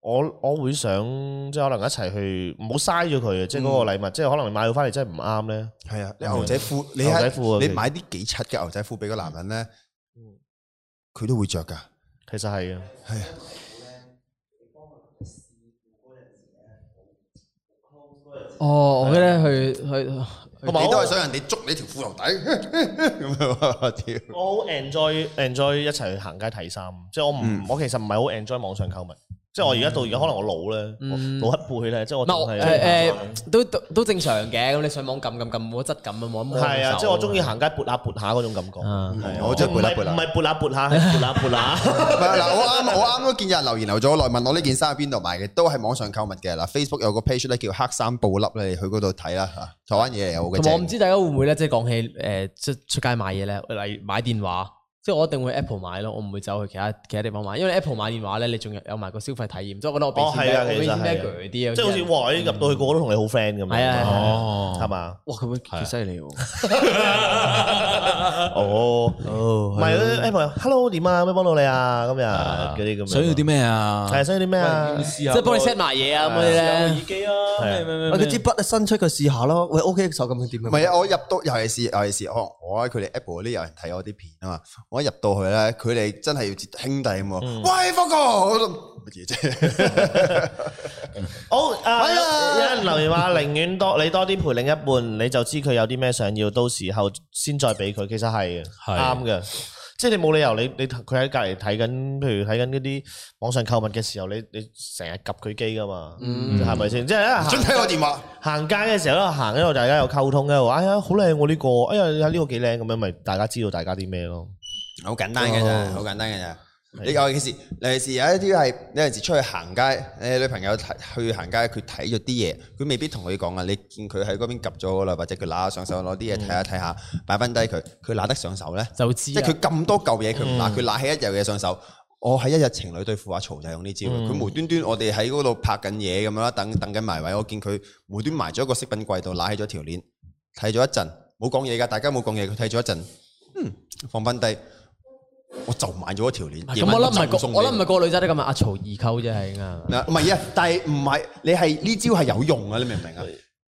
我我會想即係可能一齊去，唔好嘥咗佢啊！即係嗰個禮物，即係可能你買到翻嚟真係唔啱咧。係啊，牛仔褲，牛仔褲，你買啲幾七嘅牛仔褲俾個男人咧，佢、嗯、都會着噶。其實係啊、嗯，係。哦，我咧去去，我都係想人哋捉你條褲頭底，咁樣我好 enjoy enjoy 一齊去行街睇衫，即係我唔我其實唔係好 enjoy 網上購物。即係我而家到而家可能我老咧，嗯、老一輩咧，即係我。嗱、呃，誒、呃、誒，都都正常嘅。咁你上網撳撳撳，冇質感啊，冇係啊，即係我中意行街撥下撥下嗰種感覺。唔係撥下撥下，撥下撥下。嗱、啊啊，我啱我啱都見有人留言留咗來問我呢件衫喺邊度買嘅，都係網上購物嘅啦。 Facebook 有個 page 咧叫黑衫布粒你去嗰度睇啦吓。台灣嘢嚟嘅。同我唔知大家會唔會咧，即係講起誒，出出街買嘢咧，例如買電話。即係我一定會 Apple 買咯，我唔會走去其他其他地方買，因為 Apple 買電話咧，你仲有埋個消費體驗，所以我覺得我比哦係啊，其實係啲即係好似哇！一入到去個個都同你好 friend 咁樣，係啊，哦，係嘛？哇！咁樣幾犀利哦！哦，唔係嗰啲 Apple，Hello 點啊？可以幫到你啊？今日嗰啲咁，想要啲咩啊？係想要啲咩啊？試下即係幫你 set 埋嘢啊，咁嗰啲咧，耳機啊，咩支筆伸出佢試下咯。喂，OK，手感點？唔係啊，我入到尤其是尤其是我我喺佢哋 Apple 嗰啲有人睇我啲片啊嘛。我一入到去咧，佢哋真係要接兄弟咁喎。喂，哥哥，好啊！有人留言話，寧願多你多啲陪另一半，你就知佢有啲咩想要，到時候先再俾佢。其實係嘅，啱嘅。即係你冇理由，你你佢喺隔籬睇緊，譬如睇緊嗰啲網上購物嘅時候，你你成日及佢機噶嘛？嗯，係咪先？即係喺睇我電話。行街嘅時候，一行喺度，大家有溝通嘅話，哎呀，好靚喎呢個，哎呀，呢個幾靚，咁樣咪大家知道大家啲咩咯？好簡單嘅咋，好、oh. 簡單嘅咋。你的有陣時，有陣時有一啲係，有陣時出去行街，你、呃、女朋友去行街，佢睇咗啲嘢，佢未必同佢講啊。你見佢喺嗰邊 𥄫 咗啦，或者佢拿、拿、嗯、拿得上手攞啲嘢睇下睇下擺翻低佢，佢拿得上手咧，就知。即係佢咁多嚿嘢佢唔拿，佢、嗯、拿起一樣嘢上手。嗯、我喺一日情侶對付下、啊、嘈就用呢招。佢、嗯、無端端我哋喺嗰度拍緊嘢咁樣啦，等等緊埋位。我見佢無端埋咗一個飾品櫃度拿起咗條鏈，睇咗一陣，冇講嘢㗎，大家冇講嘢，佢睇咗一陣、嗯，放翻低。我就買咗一條鏈，而家、那個、就唔我諗唔係個女仔都咁啊，阿曹二溝啫係啱。唔係啊，但係唔係你係呢招係有用啊？你明唔明啊？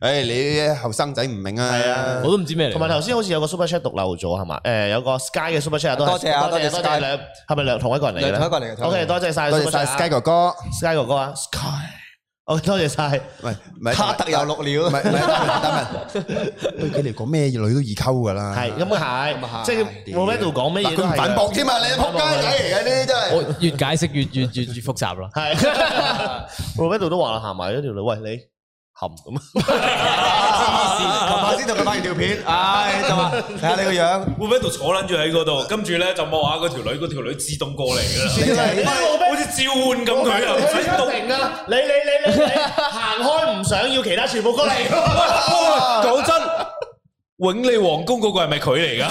誒，你啲後生仔唔明啊，我都唔知咩嚟。同埋頭先好似有個 super chat 獨漏咗係嘛？誒，有個 sky 嘅 super chat 都多謝啊，多謝多謝兩，係咪兩同一個人嚟咧？兩同一個人嚟嘅，ok，多謝晒，多謝 sky 哥哥，sky 哥哥啊，sky，好多謝晒。喂，哈特又錄料，唔係唔係，佢哋講咩女都易溝噶啦，係咁係，即係我喺度講咩，佢反駁添啊，你仆街仔嚟嘅呢啲真係，越解釋越越越越複雜啦，係，我喺度都話行埋一條路，喂你。冚咁 啊！琴下先同佢拍完條片，唉、哎，就係睇下你個樣，會唔會喺度坐撚住喺嗰度，跟住咧就望下嗰條女，嗰條女自動過嚟㗎啦，欸、好似召喚咁佢啊，自動啊，你你你你行開唔想要其他全部過嚟，講 真。永利皇宮嗰個係咪佢嚟噶？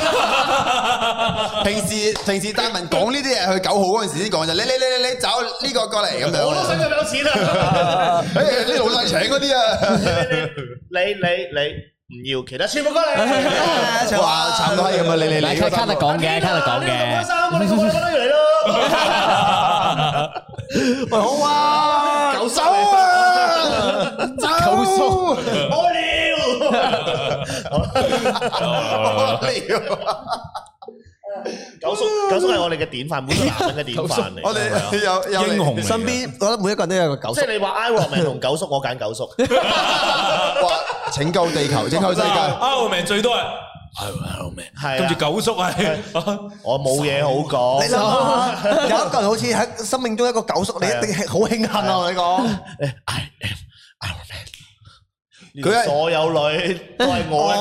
平時平時戴文講呢啲嘢去九號嗰陣時先講嘅，你你你你你走呢個過嚟噉樣！我都想佢有錢啊！誒，啲老細請嗰啲啊！你你你唔要其他，全部過嚟。話差唔多可以咁啊！你你你，卡特講嘅，卡特講嘅。呢三我哋我哋嚟咯。喂，好啊！救手啊！救手，開！九叔，九叔係我哋嘅典範，每個男人嘅典範嚟。我哋有英雄身邊，我覺得每一個人都有個九叔。即係你話 Iron Man 同九叔，我揀九叔。話拯救地球、拯救世界，Iron Man 最多啊！Iron Man 係跟住九叔係，我冇嘢好講。你諗下，有一個人好似喺生命中一個九叔，你一定係好慶幸啊！我同你講，I am Iron Man。佢所有女都係我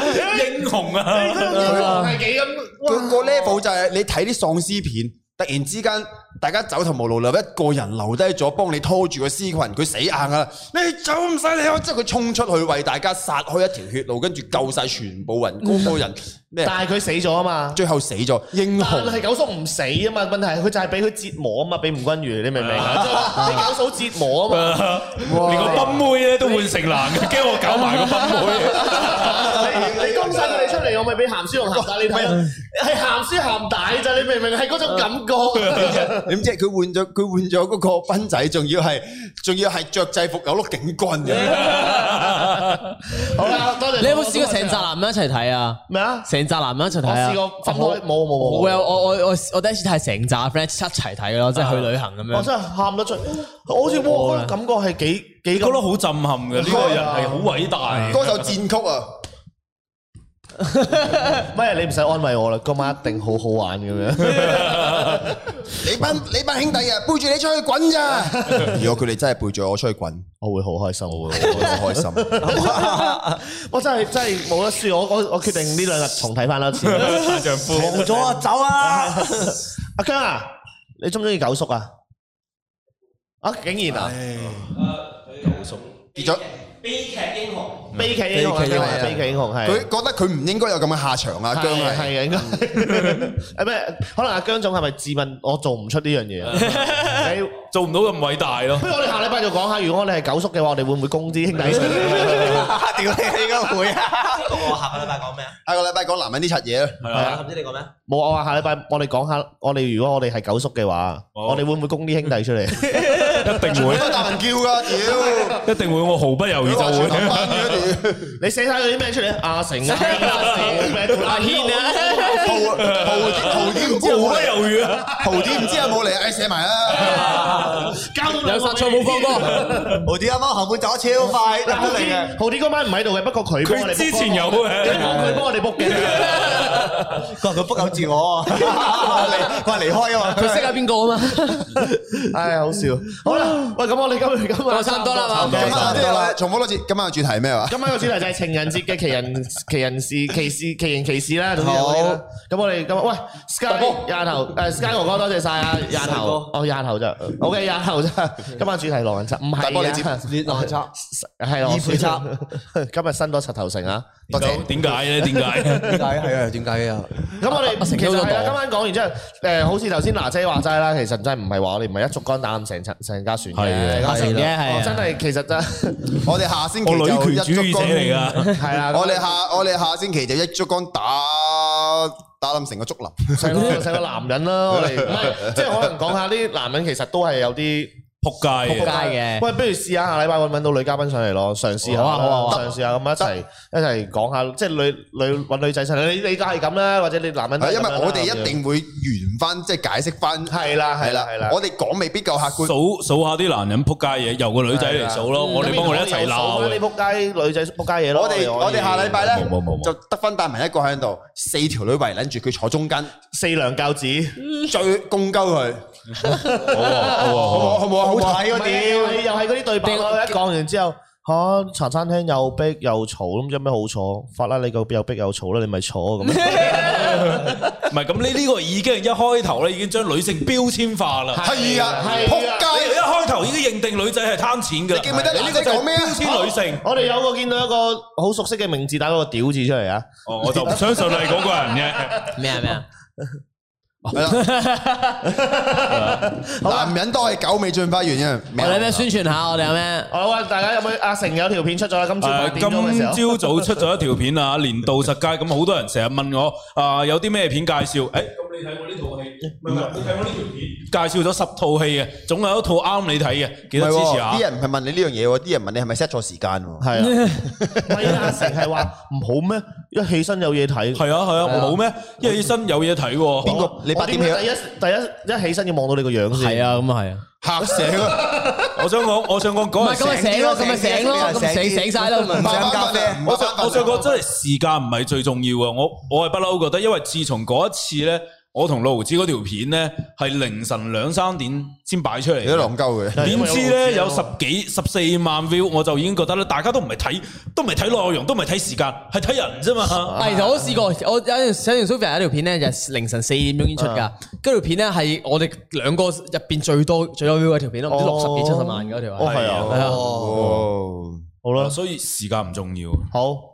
嘅英雄啊！唔係幾咁？佢呢部就係你睇啲喪屍片，突然之間。大家走投無路啦，一個人留低咗幫你拖住個屍羣，佢死硬啊！你走唔使你去，即係佢衝出去為大家殺開一條血路，跟住救晒全部人，全部人咩？但係佢死咗啊嘛，最後死咗。英雄係九嫂唔死啊嘛，問題係佢就係俾佢折磨啊嘛，俾吳君如你明唔明啊？你九嫂折磨啊嘛，連個賓妹咧都換成男嘅，驚我搞埋個賓妹。你你講曬佢哋出嚟，我咪俾鹹書鹹帶你睇。係鹹書鹹帶咋，你明唔明？係嗰種感覺。點知佢換咗佢換咗嗰個斌仔，仲要係仲要係着制服有碌警棍。好啦，多謝你。有冇試過成紮男一齊睇啊？咩啊？成紮男一齊睇啊？我試過分開，冇冇冇。我有我我我我第一次睇成紮 friend 一齊睇咯，即係去旅行咁樣。我真係喊得出，好似哥哥感覺係幾幾。覺得好震撼嘅，呢個人係好偉大。嗰首戰曲啊！乜？你唔使安慰我啦，今晚一定好好玩咁樣。你班你班兄弟啊，背住你出去滾咋？如果佢哋真係背住我出去滾，我會好開心，我會好開心。我真係真係冇得輸，我我我決定呢兩日重睇翻多次。停咗啊，走啊！阿姜啊，你中唔中意九叔啊？啊，竟然啊！九叔，記者。悲劇英雄，悲劇英雄啊！悲劇英雄係佢覺得佢唔應該有咁嘅下場啊，姜啊！係啊，應該誒，咩？可能阿姜總係咪自問我做唔出呢樣嘢？你做唔到咁偉大咯？不如我哋下禮拜就講下，如果我哋係九叔嘅話，我哋會唔會公啲兄弟出嚟？屌你，應該會啊！我下個禮拜講咩啊？下個禮拜講男人呢柒嘢啊！係啊，唔知你講咩？冇啊！我話下禮拜我哋講下，我哋如果我哋係九叔嘅話，我哋會唔會公啲兄弟出嚟？一定會，大群叫噶，屌！一定會，我毫不猶豫就會。你寫曬咗啲咩出嚟？阿成，阿成，阿軒啊！豪豪豪啲，毫不猶豫啊！豪啲唔知有冇嚟，哎，寫埋啦。有發錯冇放過。豪啲今晚後半走超快，真係。豪啲今晚唔喺度嘅，不過佢。佢之前有喎。因為佢幫我哋 book 景。佢話：佢 book 夠自我。佢話離開啊嘛，佢識下邊個啊嘛。哎呀，好笑。喂，咁我哋今日咁啊，差唔多啦嘛。即係重複多次，今晚嘅主題係咩話？今晚嘅主題就係情人節嘅奇人奇人事奇事奇人奇事啦。好，咁我哋今日，喂，Scargo 廿頭，誒，Scargo 哥多謝晒啊，廿頭，哦，廿頭就，OK，廿頭就，今晚主題羅仁澤，唔係，你羅仁澤，係羅水澤，今日新多七頭城啊。點解咧？點解？點解？係啊，點解啊？咁我哋其實今晚講完之後，誒，好似頭先娜姐話齋啦，其實真係唔係話，我哋唔係一竹竿打冧成層成架船嘅。係啦，係啦，真係，其實真，我哋下星期就一竹竿打打冧成個竹林，成個成個男人啦，我哋唔係，即係可能講下啲男人其實都係有啲。仆街，仆街嘅。喂，不如試下下禮拜揾唔揾到女嘉賓上嚟咯，嘗試下啦，嘗試下咁一齊一齊講下，即係女女揾女仔上嚟。你你家係咁啦，或者你男人，因為我哋一定會圓翻，即係解釋翻。係啦，係啦，係啦。我哋講未必夠客觀。數數下啲男人仆街嘢，由個女仔嚟數咯。我哋幫我哋一齊鬧。數翻啲仆街女仔仆街嘢咯。我哋我哋下禮拜咧，就得分帶埋一個喺度，四條女圍撚住佢坐中間，四娘教子最供鳩佢。好啊，好啊，好唔好啊？我屌，你又係嗰啲對白，我一講完之後，吓、啊、茶餐廳又逼又嘈，咁有咩好坐？法拉利個又逼又嘈啦，你咪坐咁。唔係咁， 你呢個已經一開頭咧，已經將女性標籤化啦。係啊，係扑、啊、街！你一開頭已經認定女仔係貪錢噶。記唔記得？你呢個就咩啊？標籤女性。我哋有個見到一個好熟悉嘅名字，打個屌字出嚟啊、 哦！我就唔相信你係嗰個人嘅咩啊咩啊！係啦，男人都係久未進化原因。我哋有咩宣傳下？我哋有咩？我話大家有冇阿成有條片出咗？今朝早出咗一條片啊！年度十佳咁，好多人成日問我啊，有啲咩片介紹？誒，咁你睇過呢套戲？咩啊？睇過呢條片？介紹咗十套戲啊，總有一套啱你睇嘅，記得支持下。啲人唔係問你呢樣嘢，啲人問你係咪 set 錯時間？係啊，阿成係話唔好咩？一起身有嘢睇，係啊係啊，冇咩？一起身有嘢睇喎，邊個？你八點起？第一第一一起身要望到你個樣先，係啊咁啊係啊，醒！我想講，我想講嗰日醒啲死。唔係咁啊醒咯，咁啊醒咯，醒醒晒咯，唔想加咩？我想我想講真係時間唔係最重要啊！我我係不嬲覺得，因為自從嗰一次咧。我同老胡子嗰條片呢，係凌晨兩三點先擺出嚟，幾多點知呢，有十幾十四萬 view，我就已經覺得咧，大家都唔係睇，都唔係睇內容，都唔係睇時間，係睇人啫嘛。係，其實我試過，我有有條 Super 條片呢，就凌晨四點鐘先出噶。嗰條片呢，係我哋兩個入邊最多最多 view 嘅條片，都唔知六十幾七十萬嘅嗰條係啊。哦，好啦，所以時間唔重要。好。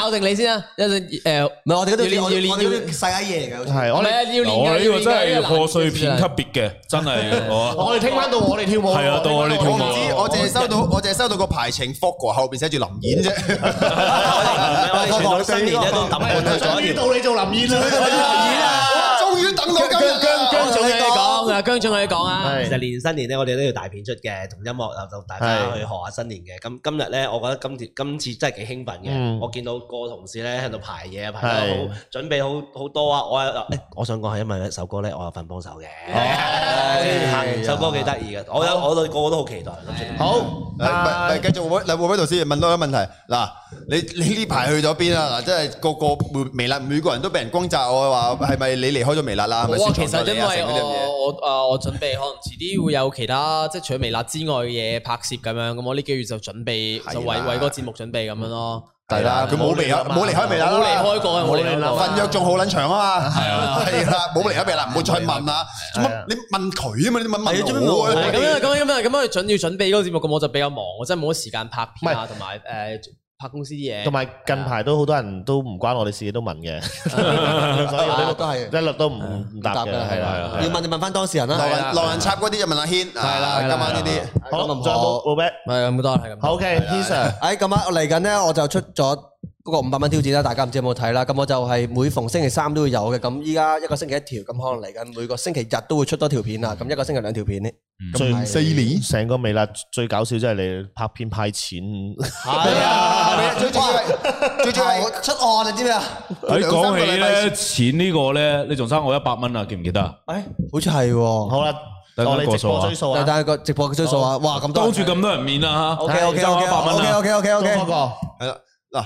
教定你先啦，啊！要誒，唔係我哋嗰度要要要世界嘢嘅，係我哋要練嘅。呢個真係要破碎片級別嘅，真係。我哋聽返到我哋跳舞，係啊，到我哋跳舞。我唔知，我淨係收到，我淨係收到個排程復過，後邊寫住林燕啫。我當新年，我當新到你做林燕啦！終於等到今日，姜姜可以講啊！其實年新年咧，我哋都要大片出嘅，同音樂又同大家去學下新年嘅。咁今日咧，我覺得今次今次真係幾興奮嘅。嗯、我見到個同事咧喺度排嘢，排到好準備好，好好多啊！我誒，我想講係因為一首歌咧，我有份幫手嘅。係、哦、啊，首歌幾得意嘅，我有，我對個個都好期待。好，唔係唔係，繼續嗱，喎喎同事問多一個問題。嗱，你你呢排去咗邊啊？嗱，即係個個微辣每個人都被人光襲，我話係咪你離開咗微辣啦？係咪先？其實因為我我。我我啊！我準備可能遲啲會有其他，即係除咗微辣之外嘅嘢拍攝咁樣，咁我呢幾月就準備就為為個節目準備咁樣咯。係啦，佢冇微辣，冇離開微辣，冇離開過，冇離開。份約仲好撚長啊嘛，係啊，係啦，冇離開微辣，唔好再問啦。做乜？你問佢啊嘛？你問問我？咁樣咁樣咁樣咁樣準要準備嗰個節目，咁我就比較忙，我真係冇乜時間拍片啊，同埋誒。拍公司啲嘢，同埋近排都好多人都唔關我哋事都問嘅，所以我都係一律都唔唔答嘅，係啦係啦。要問就問翻當事人啦，路人插嗰啲就問阿軒，係啦今晚呢啲可能報報 back，唔係冇咁多係咁。好嘅，Peter，誒今晚嚟緊咧我就出咗。嗰個五百蚊挑戰啦，大家唔知有冇睇啦。咁我就係每逢星期三都會有嘅。咁依家一個星期一條，咁可能嚟緊每個星期日都會出多條片啦。咁一個星期兩條片咧，最犀利，成個未啦。最搞笑即係你拍片派錢，係啊，最最最最係出案你知唔知啊？誒，講起咧錢呢個咧，你仲差我一百蚊啊？記唔記得？誒，好似係喎。好啦，幫你直播追數啊，但係個直播追數啊，哇，咁當住咁多人面啊，吓，OK OK OK OK OK OK，嗰個係啦嗱。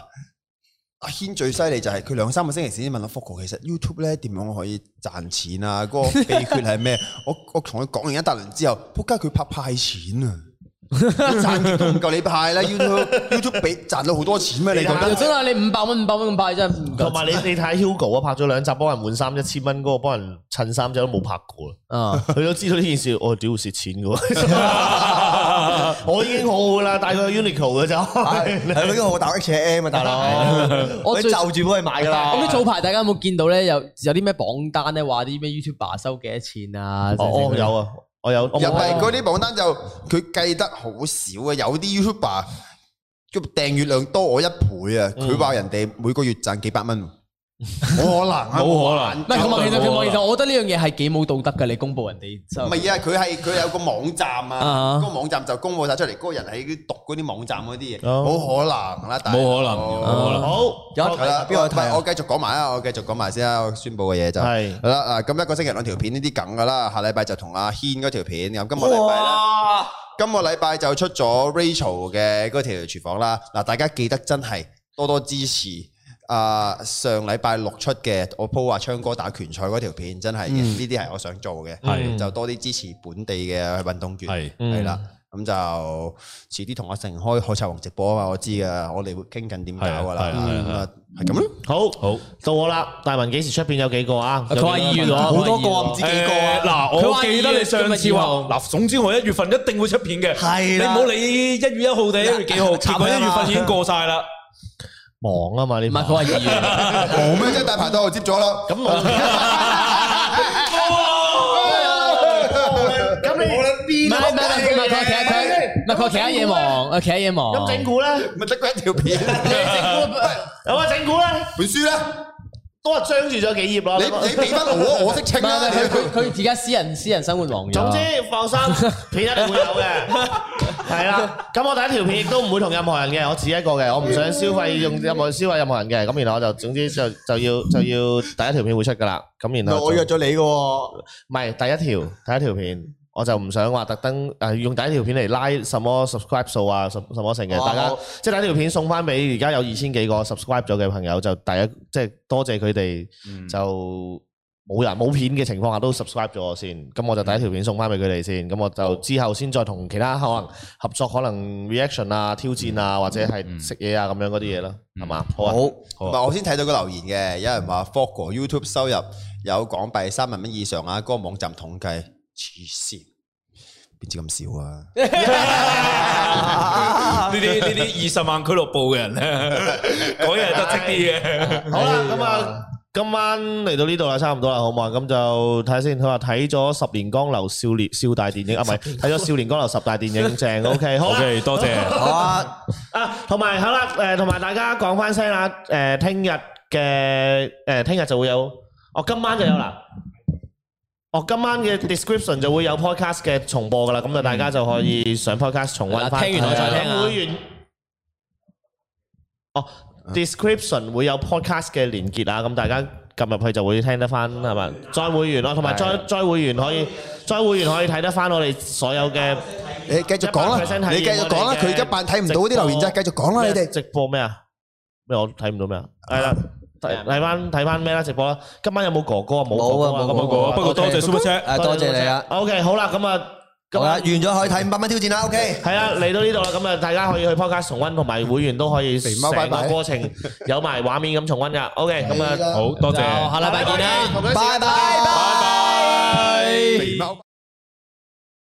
阿軒最犀利就係佢兩三個星期先問我福哥其實 YouTube 咧點樣可以賺錢啊？嗰、那個秘訣係咩？ 我我同佢講完一大輪之後，仆街佢拍派錢啊！賺嘅都唔夠你派啦！YouTube YouTube 俾賺到好多錢咩、啊？你覺得真係你五百蚊五百蚊咁派真係唔夠。同埋你你睇 Hugo 啊，拍咗兩集幫人換衫一千蚊，嗰、那個幫人襯衫仔都冇拍過啊！佢、uh, 都知道呢件事，我屌蝕錢嘅喎。 我已經好好啦，戴個 Uniqlo 嘅咋。喺嗰啲號打 H&M 啊大佬，我就住幫佢買噶啦。咁啲早排大家有冇見到咧？有有啲咩榜單咧？話啲咩 YouTuber 收幾多錢啊？哦哦、有啊，我有。入係嗰啲榜單就佢計得好少啊，有啲 YouTuber 佢訂閱量多我一倍啊，佢話人哋每個月賺幾百蚊。冇可能啊！冇可能。嗱咁啊，其實其實其實，我覺得呢樣嘢係幾冇道德嘅。你公布人哋，唔係啊？佢係佢有個網站啊，個網站就公布晒出嚟，嗰個人喺讀嗰啲網站嗰啲嘢，好可能啦。冇可能，冇可能。好，有一睇啦。邊個睇？我繼續講埋啊，我繼續講埋先啊，我宣布嘅嘢就係啦。嗱，咁一個星期兩條片呢啲梗噶啦，下禮拜就同阿軒嗰條片。咁今個禮拜咧，今個禮拜就出咗 Rachel 嘅嗰條廚房啦。嗱，大家記得真係多多支持。啊！上禮拜六出嘅，我 po 話昌哥打拳賽嗰條片真係嘅，呢啲係我想做嘅，就多啲支持本地嘅運動員。係，係啦，咁就遲啲同阿成開海賊王直播啊嘛，我知㗎，我哋會傾緊點搞㗎啦。咁係咁，好，好，到我啦，大文幾時出片有幾個啊？佢話一月咗好多個，唔知幾個。嗱，我記得你上次話，嗱，總之我一月份一定會出片嘅。係，你唔好理一月一號定一月幾號，結果一月份已經過晒啦。忙啊嘛，你乜鬼嘢？忙咩啫？大排檔接咗咯。咁我，咁你唔好諗，邊乜鬼嘢？乜鬼其他嘢？乜鬼其他嘢忙？啊其他嘢忙？咁整蠱咧？咪得佢一條片。你整蠱，我話整蠱咧。本書咧。都係張住咗幾頁咯，你、啊、你俾翻我，我識清啦。佢佢佢而家私人 私人生活網友。總之放心，片一定會有嘅。係啦， 咁我第一條片亦都唔會同任何人嘅，我自己一個嘅，我唔想消費用，任何消費任何人嘅。咁然後我就總之就就要就要第一條片會出噶啦。咁然後我約咗你嘅，唔係第一條，第一條片。我就唔想話特登誒用第一條片嚟拉什麼 subscribe 數啊什什麼剩嘅，大家、哦、即係第一條片送翻俾而家有二千幾個 subscribe 咗嘅朋友，就第一即係多謝佢哋、嗯、就冇人冇片嘅情況下都 subscribe 咗我先，咁我就第一條片送翻俾佢哋先，咁我就之後先再同其他可能合作可能 reaction 啊挑戰啊、嗯、或者係食嘢啊咁樣嗰啲嘢啦，係嘛、嗯、好啊。唔係好好我先睇到個留言嘅，有人話 Forge YouTube 收入有港幣三萬蚊以上啊，嗰、嗰個網站統計。黐線，邊知咁少啊？呢啲，呢啲二十萬俱樂部嘅人咧，講嘢得戚啲嘅。好啦，咁啊，今晚嚟到呢度啦，差唔多啦，好唔好？咁就睇下先。佢話睇咗《十年江流少年》少大電影啊，唔係睇咗《少年江流十大電影》，正 OK。好，多謝。好啊。啊，同埋好啦，誒，同埋大家講翻聲啦，誒，聽日嘅，誒，聽日就會有，我今晚就有啦。哦，今晚嘅 description 就會有 podcast 嘅重播㗎喇，咁就大家就可以上 podcast 重温翻。聽完再聽啊！哦，description 會有 podcast 嘅連結啊，咁大家撳入去就會聽得翻，係咪？再會員咯，同埋再再會員可以再會員可以睇得翻我哋所有嘅。你繼續講啦，你繼續講啦，佢而家扮睇唔到啲留言啫，繼續講啦，你哋直播咩啊？咩我睇唔到咩啊？係啦。睇翻睇翻咩啦直播啦，今晚有冇哥哥啊？冇啊冇哥哥，不過哥多謝 Super Chat，謝謝多謝你啊。O、OK, K 好啦，咁啊，完咗可以睇五百蚊挑戰啦。O K 係啊，嚟到呢度啦，咁啊、嗯，大家可以去 Podcast 重溫，同埋會員都可以成個過程有埋畫面咁哈哈 重溫噶。O K 咁啊，好多謝。下禮拜見啦，拜拜啦，拜拜拜拜。